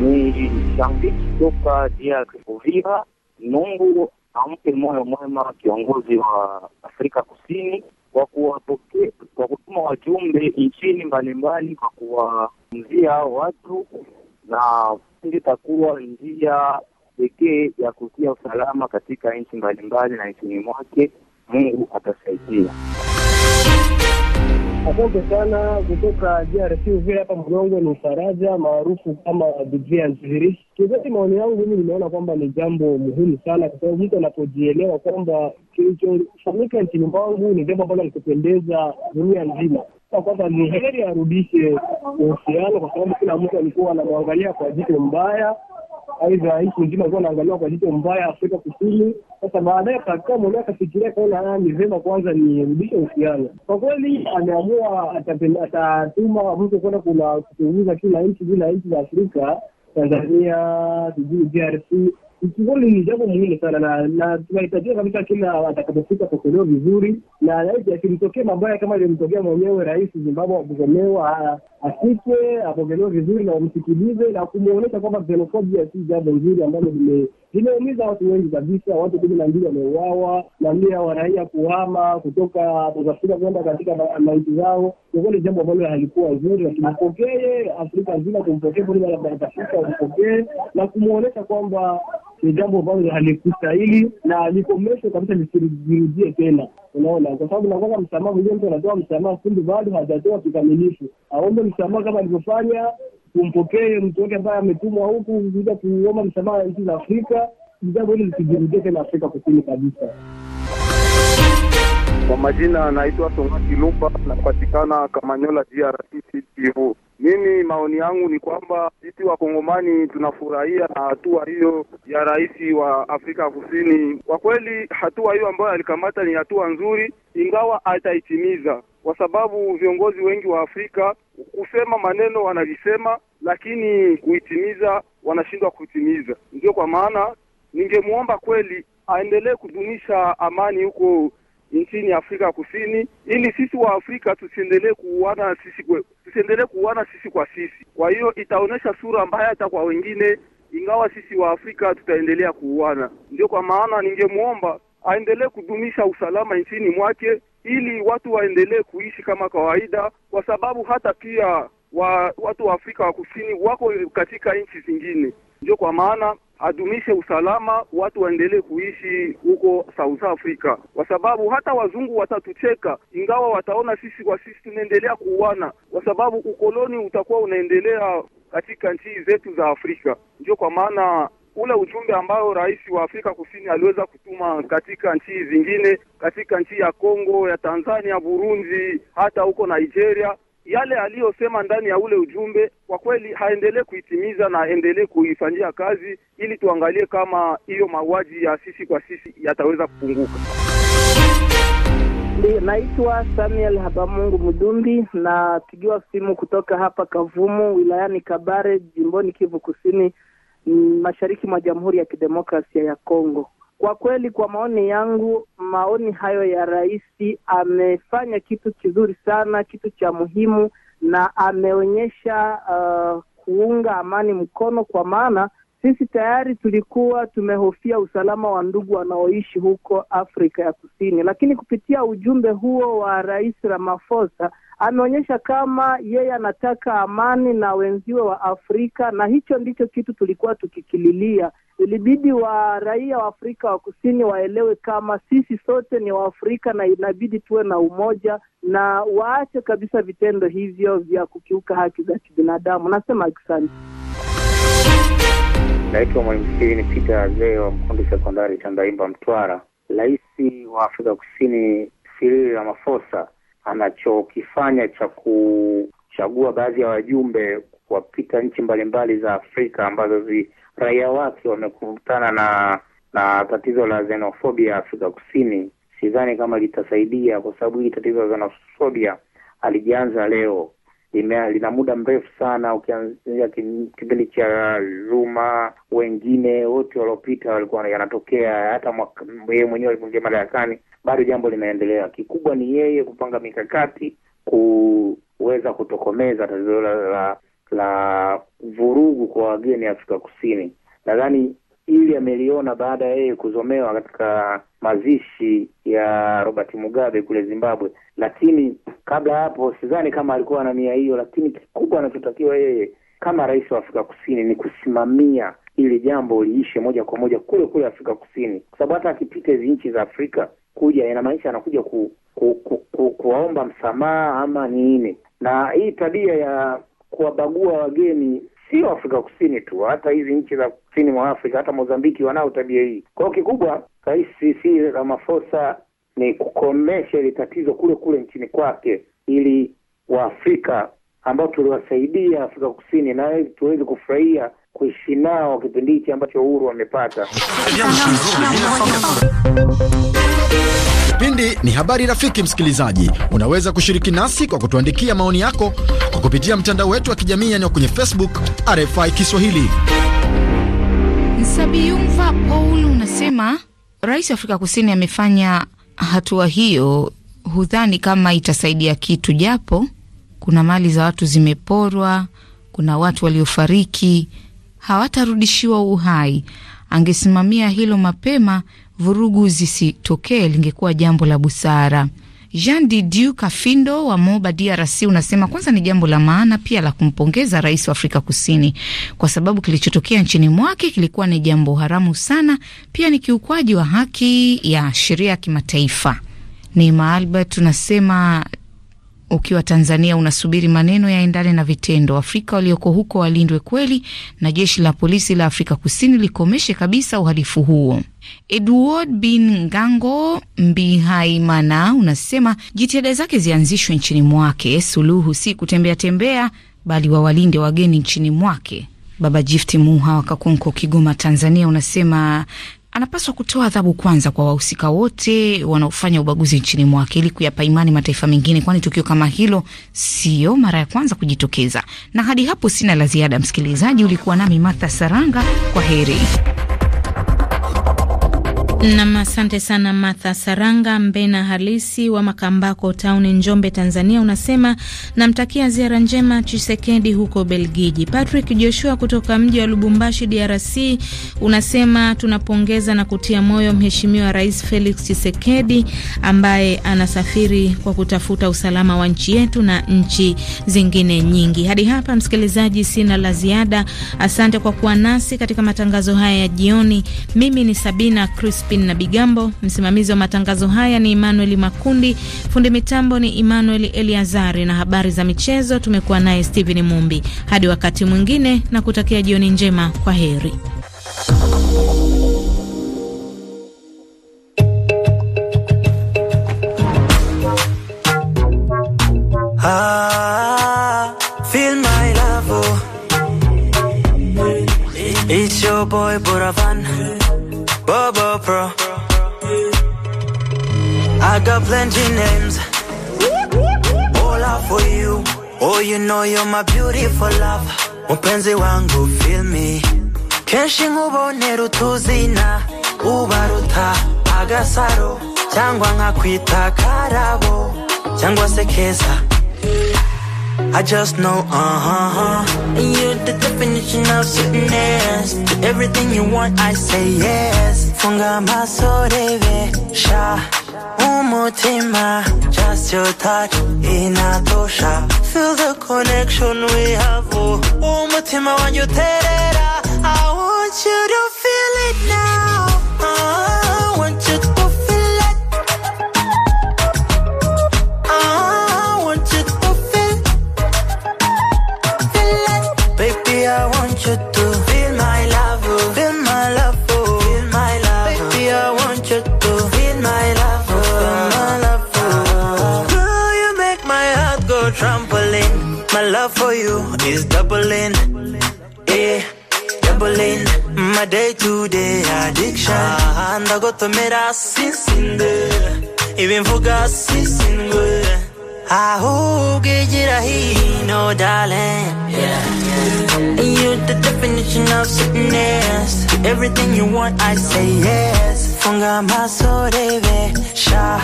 S15: Ni Shambi kutoka Uvira Nungu ampe moyo mwema kiongozi wa Afrika Kusini kwa kuwapokea, kwa kutuma wajumbe nchini mbalimbali, kwa kuwamzia hao watu, na itakuwa njia pekee ya kutia usalama katika nchi mbalimbali na nchini mwake. Mungu atasaidia.
S14: Asante sana kutoka DRC Uvira hapa Mgongo ni Faraja maarufu kama Anziri. Kizazi, maoni yangu mimi nimeona kwamba ni jambo muhimu sana, kwa sababu mtu anapojielewa kwamba kilichofanyika nchini mwangu ni jambo ambalo alikupendeza dunia nzima, kwamba ni heri arudishe uhusiano, kwa sababu kila mtu alikuwa anamwangalia kwa jicho mbaya Aidha, nchi nzima ilikuwa inaangaliwa kwa jicho mbaya Afrika Kusini. Sasa baadaye Pakao mwenyewe akafikiria kaona ah, ni vyema kwanza nirudishe uhusiano. Kwa kweli, ameamua atatuma mtu kwenda kuna kuchunguza kila nchi bila nchi za Afrika, Tanzania, sijui DRC kiukweli ni jambo muhimu sana, na na tunahitajia kabisa kila atakapofika apokelewa vizuri, na laiti asimtokee mabaya kama ilimtokea mwenyewe Rais Zimbabwe wakugomewa, afike apokelewe vizuri na wamsikilize na kumwonyesha kwamba xenofobia si jambo nzuri ambalo limeumiza watu wengi kabisa. Watu kumi na mbili wameuawa na mia wa raia kuhama kutoka Afrika kwenda katika maiti zao. ni jambo ambalo halikuwa zuri akimpokee tumpokee Afrika nzima, kumpokee Afrika, na kumwonyesha kwamba ni jambo ambalo halikustahili na likomeshwe kabisa, lisirudie tena. Unaona, kwa sababu na msamaha mwenyewe, mtu anatoa msamaha, kumbe bado hajatoa kikamilifu. Aombe msamaha kama alivyofanya, tumpokee mtu wake ambaye ametumwa huku kuja kuomba msamaha nchi za Afrika. Jambo hili lisijirudie tena Afrika Kusini kabisa.
S8: Kwa majina anaitwa Songa Kilupa, napatikana Kamanyola, DRC Kivu. Mimi maoni yangu ni kwamba sisi wakongomani tunafurahia na hatua hiyo ya rais wa Afrika Kusini. Kwa kweli hatua hiyo ambayo alikamata ni hatua nzuri, ingawa ataitimiza, kwa sababu viongozi wengi wa Afrika kusema maneno wanavisema lakini kuitimiza wanashindwa kuitimiza. Ndio kwa maana ningemwomba kweli aendelee kudumisha amani huko nchini Afrika Kusini, ili sisi wa Afrika tusiendelee kuuana sisi kwe, tusiendelee kuuana sisi kwa sisi. Kwa hiyo itaonyesha sura mbaya hata kwa wengine, ingawa sisi wa Afrika tutaendelea kuuana. Ndio kwa maana ningemwomba aendelee kudumisha usalama nchini mwake ili watu waendelee kuishi kama kawaida, kwa sababu hata pia wa, watu wa Afrika wa Kusini wako katika nchi zingine. Ndio kwa maana adumishe usalama, watu waendelee kuishi huko South Africa, kwa sababu hata wazungu watatucheka, ingawa wataona sisi kwa sisi tunaendelea kuuana, kwa sababu ukoloni utakuwa unaendelea katika nchi zetu za Afrika. Ndio kwa maana ule ujumbe ambao rais wa Afrika Kusini aliweza kutuma katika nchi zingine, katika nchi ya Kongo, ya Tanzania, Burundi, hata huko Nigeria yale aliyosema ndani ya ule ujumbe kwa kweli haendelee kuitimiza na aendelee kuifanyia kazi, ili tuangalie kama hiyo mauaji ya sisi kwa sisi yataweza kupunguka.
S14: Ndiyo, naitwa Samuel Habamungu Mudumbi, napigiwa simu kutoka hapa Kavumu wilayani Kabare, jimboni Kivu Kusini, mashariki mwa Jamhuri ya Kidemokrasia ya Kongo. Kwa kweli, kwa maoni yangu, maoni hayo ya rais, amefanya kitu kizuri sana, kitu cha muhimu, na ameonyesha uh, kuunga amani mkono, kwa maana sisi tayari tulikuwa tumehofia usalama wa ndugu wanaoishi huko Afrika ya Kusini, lakini kupitia ujumbe huo wa Rais Ramaphosa ameonyesha kama yeye anataka amani na wenziwe wa Afrika, na hicho ndicho kitu tulikuwa tukikililia. Ilibidi wa raia wa Afrika wa Kusini waelewe kama sisi sote ni Waafrika na inabidi tuwe na umoja na waache kabisa vitendo hivyo vya kukiuka haki za kibinadamu. Nasema asante.
S15: Naitwa Mwalimu Steven Peter Azee wa Mkundi Sekondari Tandaimba, Mtwara. Rais wa Afrika Kusini Cyril Ramaphosa anachokifanya cha kuchagua baadhi ya wajumbe kuwapita nchi mbalimbali za Afrika ambazo zi, raia wake wamekutana na na tatizo la xenofobia Afrika Kusini, sidhani kama litasaidia, kwa sababu hili tatizo la xenofobia alijianza leo lina, lina muda mrefu sana. Ukianzia kipindi cha Zuma, wengine wote waliopita walikuwa yanatokea, hata yeye mwenyewe alipoingia madarakani bado jambo linaendelea. Kikubwa ni yeye kupanga mikakati kuweza kutokomeza tatizo la, la, la vurugu kwa wageni Afrika Kusini. Nadhani ili ameliona baada ya yeye kuzomewa katika mazishi ya Robert Mugabe kule Zimbabwe, lakini kabla ya hapo sidhani kama alikuwa na nia hiyo. Lakini kikubwa anachotakiwa yeye kama rais wa Afrika Kusini ni kusimamia ili jambo liishe moja kwa moja kule kule Afrika Kusini, kwa sababu hata akipita hizi nchi za Afrika kuja, inamaanisha anakuja ku, ku, ku, ku, kuwaomba msamaha ama nini, na hii tabia ya kuwabagua wageni sio Afrika Kusini tu, hata hizi nchi za kusini mwa Afrika, hata Mozambiki wanao tabia hii. Kwa hiyo kikubwa, Rais la Ramaphosa ni kukomesha ile tatizo kule kule nchini kwake, ili Waafrika ambao tuliwasaidia Afrika Kusini na tuweze kufurahia kuishi nao kipindi hichi ambacho uhuru wamepata.
S7: Kipindi ni habari rafiki. Msikilizaji, unaweza kushiriki nasi kwa kutuandikia maoni yako kwa kupitia mtandao wetu wa kijamii yaani kwenye Facebook RFI Kiswahili.
S13: sabiumva Paul unasema rais wa Afrika Kusini amefanya hatua hiyo, hudhani kama itasaidia kitu, japo kuna mali za watu zimeporwa, kuna watu waliofariki hawatarudishiwa uhai. Angesimamia hilo mapema, vurugu zisitokee lingekuwa jambo la busara. Jean Didiu Kafindo wa Moba DRC unasema kwanza ni jambo la maana pia la kumpongeza rais wa Afrika Kusini kwa sababu kilichotokea nchini mwake kilikuwa ni jambo haramu sana, pia ni kiukwaji wa haki ya sheria ya kimataifa. Neema Albert unasema ukiwa Tanzania unasubiri maneno yaendane na vitendo. Afrika walioko huko walindwe kweli, na jeshi la polisi la Afrika Kusini likomeshe kabisa uhalifu huo. Edward Bin Gango Mbihaimana unasema jitihada zake zianzishwe nchini mwake. Suluhu si kutembea tembea, bali wawalinde wageni nchini mwake. Baba Jifti Muha wa Kakonko, Kigoma, Tanzania, unasema anapaswa kutoa adhabu kwanza kwa wahusika wote wanaofanya ubaguzi nchini mwake ili kuyapa imani mataifa mengine, kwani tukio kama hilo sio mara ya kwanza kujitokeza. Na hadi hapo sina la ziada, msikilizaji. Ulikuwa nami Martha Saranga, kwa heri.
S1: Nam, asante sana Martha Saranga. Mbena halisi wa Makambako tauni, Njombe, Tanzania, unasema namtakia ziara njema Chisekedi huko Belgiji. Patrick Joshua kutoka mji wa Lubumbashi, DRC, unasema tunapongeza na kutia moyo Mheshimiwa Rais Felix Chisekedi ambaye anasafiri kwa kutafuta usalama wa nchi yetu na nchi zingine nyingi. Hadi hapa, msikilizaji, sina la ziada. Asante kwa kuwa nasi katika matangazo haya ya jioni. Mimi ni Sabina Chris Crispin na Bigambo. Msimamizi wa matangazo haya ni Emmanuel Makundi, fundi mitambo ni Emmanuel Eliazari, na habari za michezo tumekuwa naye Steven Mumbi. Hadi wakati mwingine, na kutakia jioni njema, kwa heri.
S16: Ah, feel my love, oh. It's your boy Bobo Pro. I got plenty names, all out for you. Oh, you know you're my beautiful love. Mpenzi wangu, feel me. kenshi nkubonera utuzina ubaruta agasaro Changwa nkakwita karabo changwa se I just know, uh-huh, huh. you're the definition of sweetness. To everything you want, I say yes. 공감하 소리에 샤. 못해마 Just your touch 이 나도 샤 Feel the connection we have 못해마 oh. when you tell it I want you to feel it now is doubling, yeah, doubling my day to day addiction. Ah, and I got to meet a sincere, even forgot sincere. I hope get it, no darling. Yeah. And you're the definition of sickness. To everything you want, I say yes. 공감하소 sha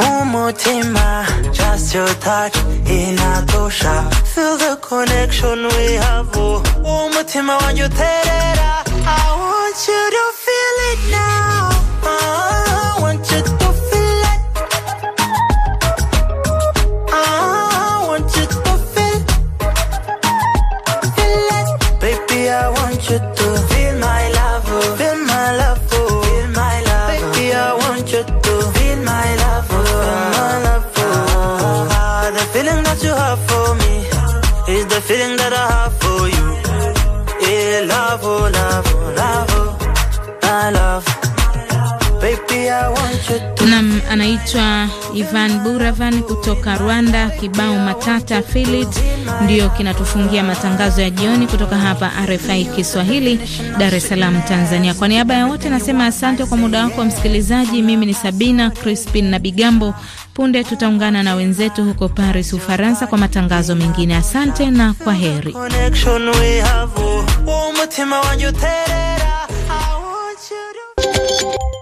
S16: umutima Just your touch 이나도샤 Feel the connection we have oh umutima I want you to feel it now I want you to feel it I want you to Feel it Baby I want you to feeling that I have
S1: anaitwa Ivan Buravan kutoka Rwanda. Kibao matata filit ndio kinatufungia matangazo ya jioni kutoka hapa RFI Kiswahili, Dar es Salaam, Tanzania. Kwa niaba ya wote nasema asante kwa muda wako wa msikilizaji. Mimi ni Sabina Crispin na Bigambo. Punde tutaungana na wenzetu huko Paris, Ufaransa, kwa matangazo mengine. Asante na kwa heri.